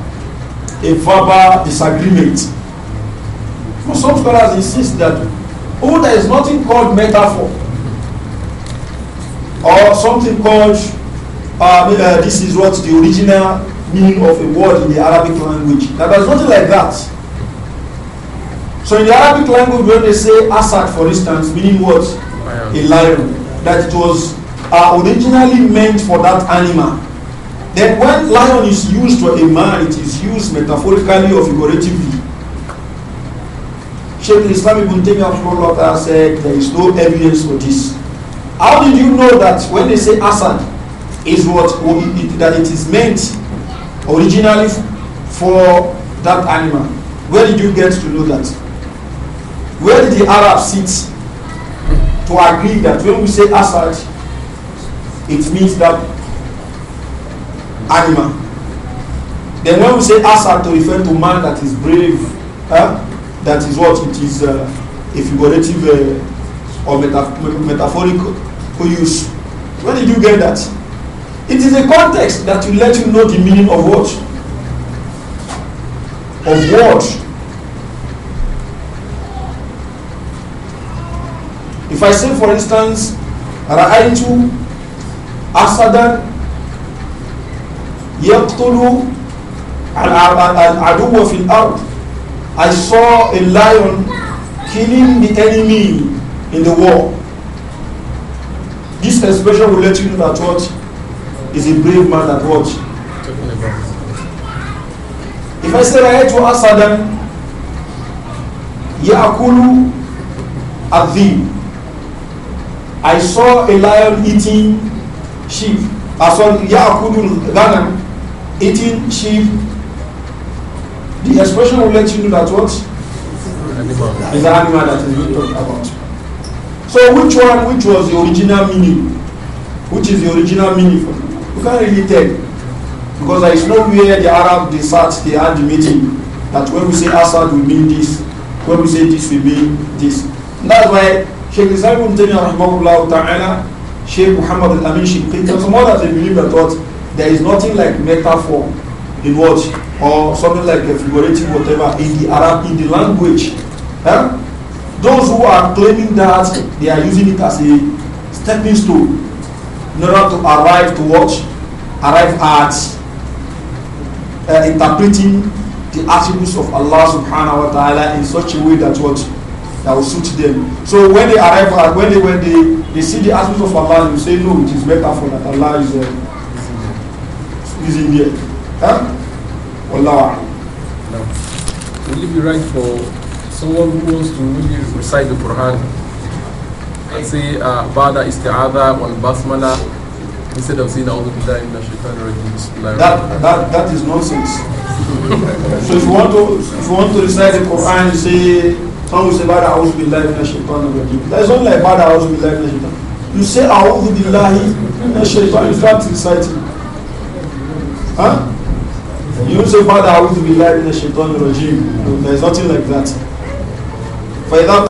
a verbal disagreement. For some scholars insist that, oh, there is nothing called metaphor. or something called uh, uh, this is what the original meaning of a word in the Arabic language. Now there's nothing like that. So in the Arabic language, when they say Asad, for instance, meaning what? Lion. A lion. That it was uh, originally meant for that animal. Then when lion is used for a man, it is used metaphorically or figuratively. Sheikh Islam Ibn Taymiyyah said there is no evidence for this. How did you know that when they say Hassan is what that it is meant originally for that animal? Where did you get to know that? Where did the Arab sit to agree that when we say Assad, it means that animal? Then when we say Assad to refer to man that is brave, huh? that is what it is uh, figurative uh, or metaphorical For use. When did you get that? It is a context that will let you know the meaning of what? Of what? If I say, for instance, Ra'aytu Asadan Yaqtulu Al-Aduwa fil Ard. I saw a lion killing the enemy in the war. This expression will let you know that what is a brave man That what. If I said I had to ask Adam, Yaakulu Adhim, I saw a lion eating sheep. I ah, saw Yaakulu Ghanam eating sheep. The expression will let you know that what? Is an animal that is being talked about. So which one, which was the original meaning? Which is the original meaning? For you can't really tell. Because there is way the Arab, they sat, they had the meeting that when we say Assad, we mean this. When we say this, we mean this. And that's why Sheikh Islam ibn Taymiyyah ta'ala, Sheikh Muhammad al-Amin Shiqi, and some others, they believe that thought, there is nothing like metaphor in what, or something like a figurative whatever in the Arab, in the language. Huh? Those who are claiming that they are using it as a stepping stone in order to arrive to watch, arrive at uh, interpreting the attributes of Allah subhanahu wa ta'ala in such a way that what that will suit them. So when they arrive at when they when they, they see the attributes of Allah, you say no, it is better for that Allah is uh, is in there. Huh? Allah. No. Will it be right for someone who wants to really recite the Quran and say uh, Bada Isti'adha on Basmala instead of saying A'udhu Billahi Minash Shaitanir Rajim that, that, that is nonsense. so if you want to if you want to recite the Quran you say someone will say Bada A'udhu Billahi Minash Shaitanir Rajim that is not like Bada A'udhu Billahi Minash shaitan." you say A'udhu Billahi Minash shaitan." you start reciting huh? you say Bada A'udhu Billahi Minash Shaitanir Rajim no, there is nothing like that 伪造。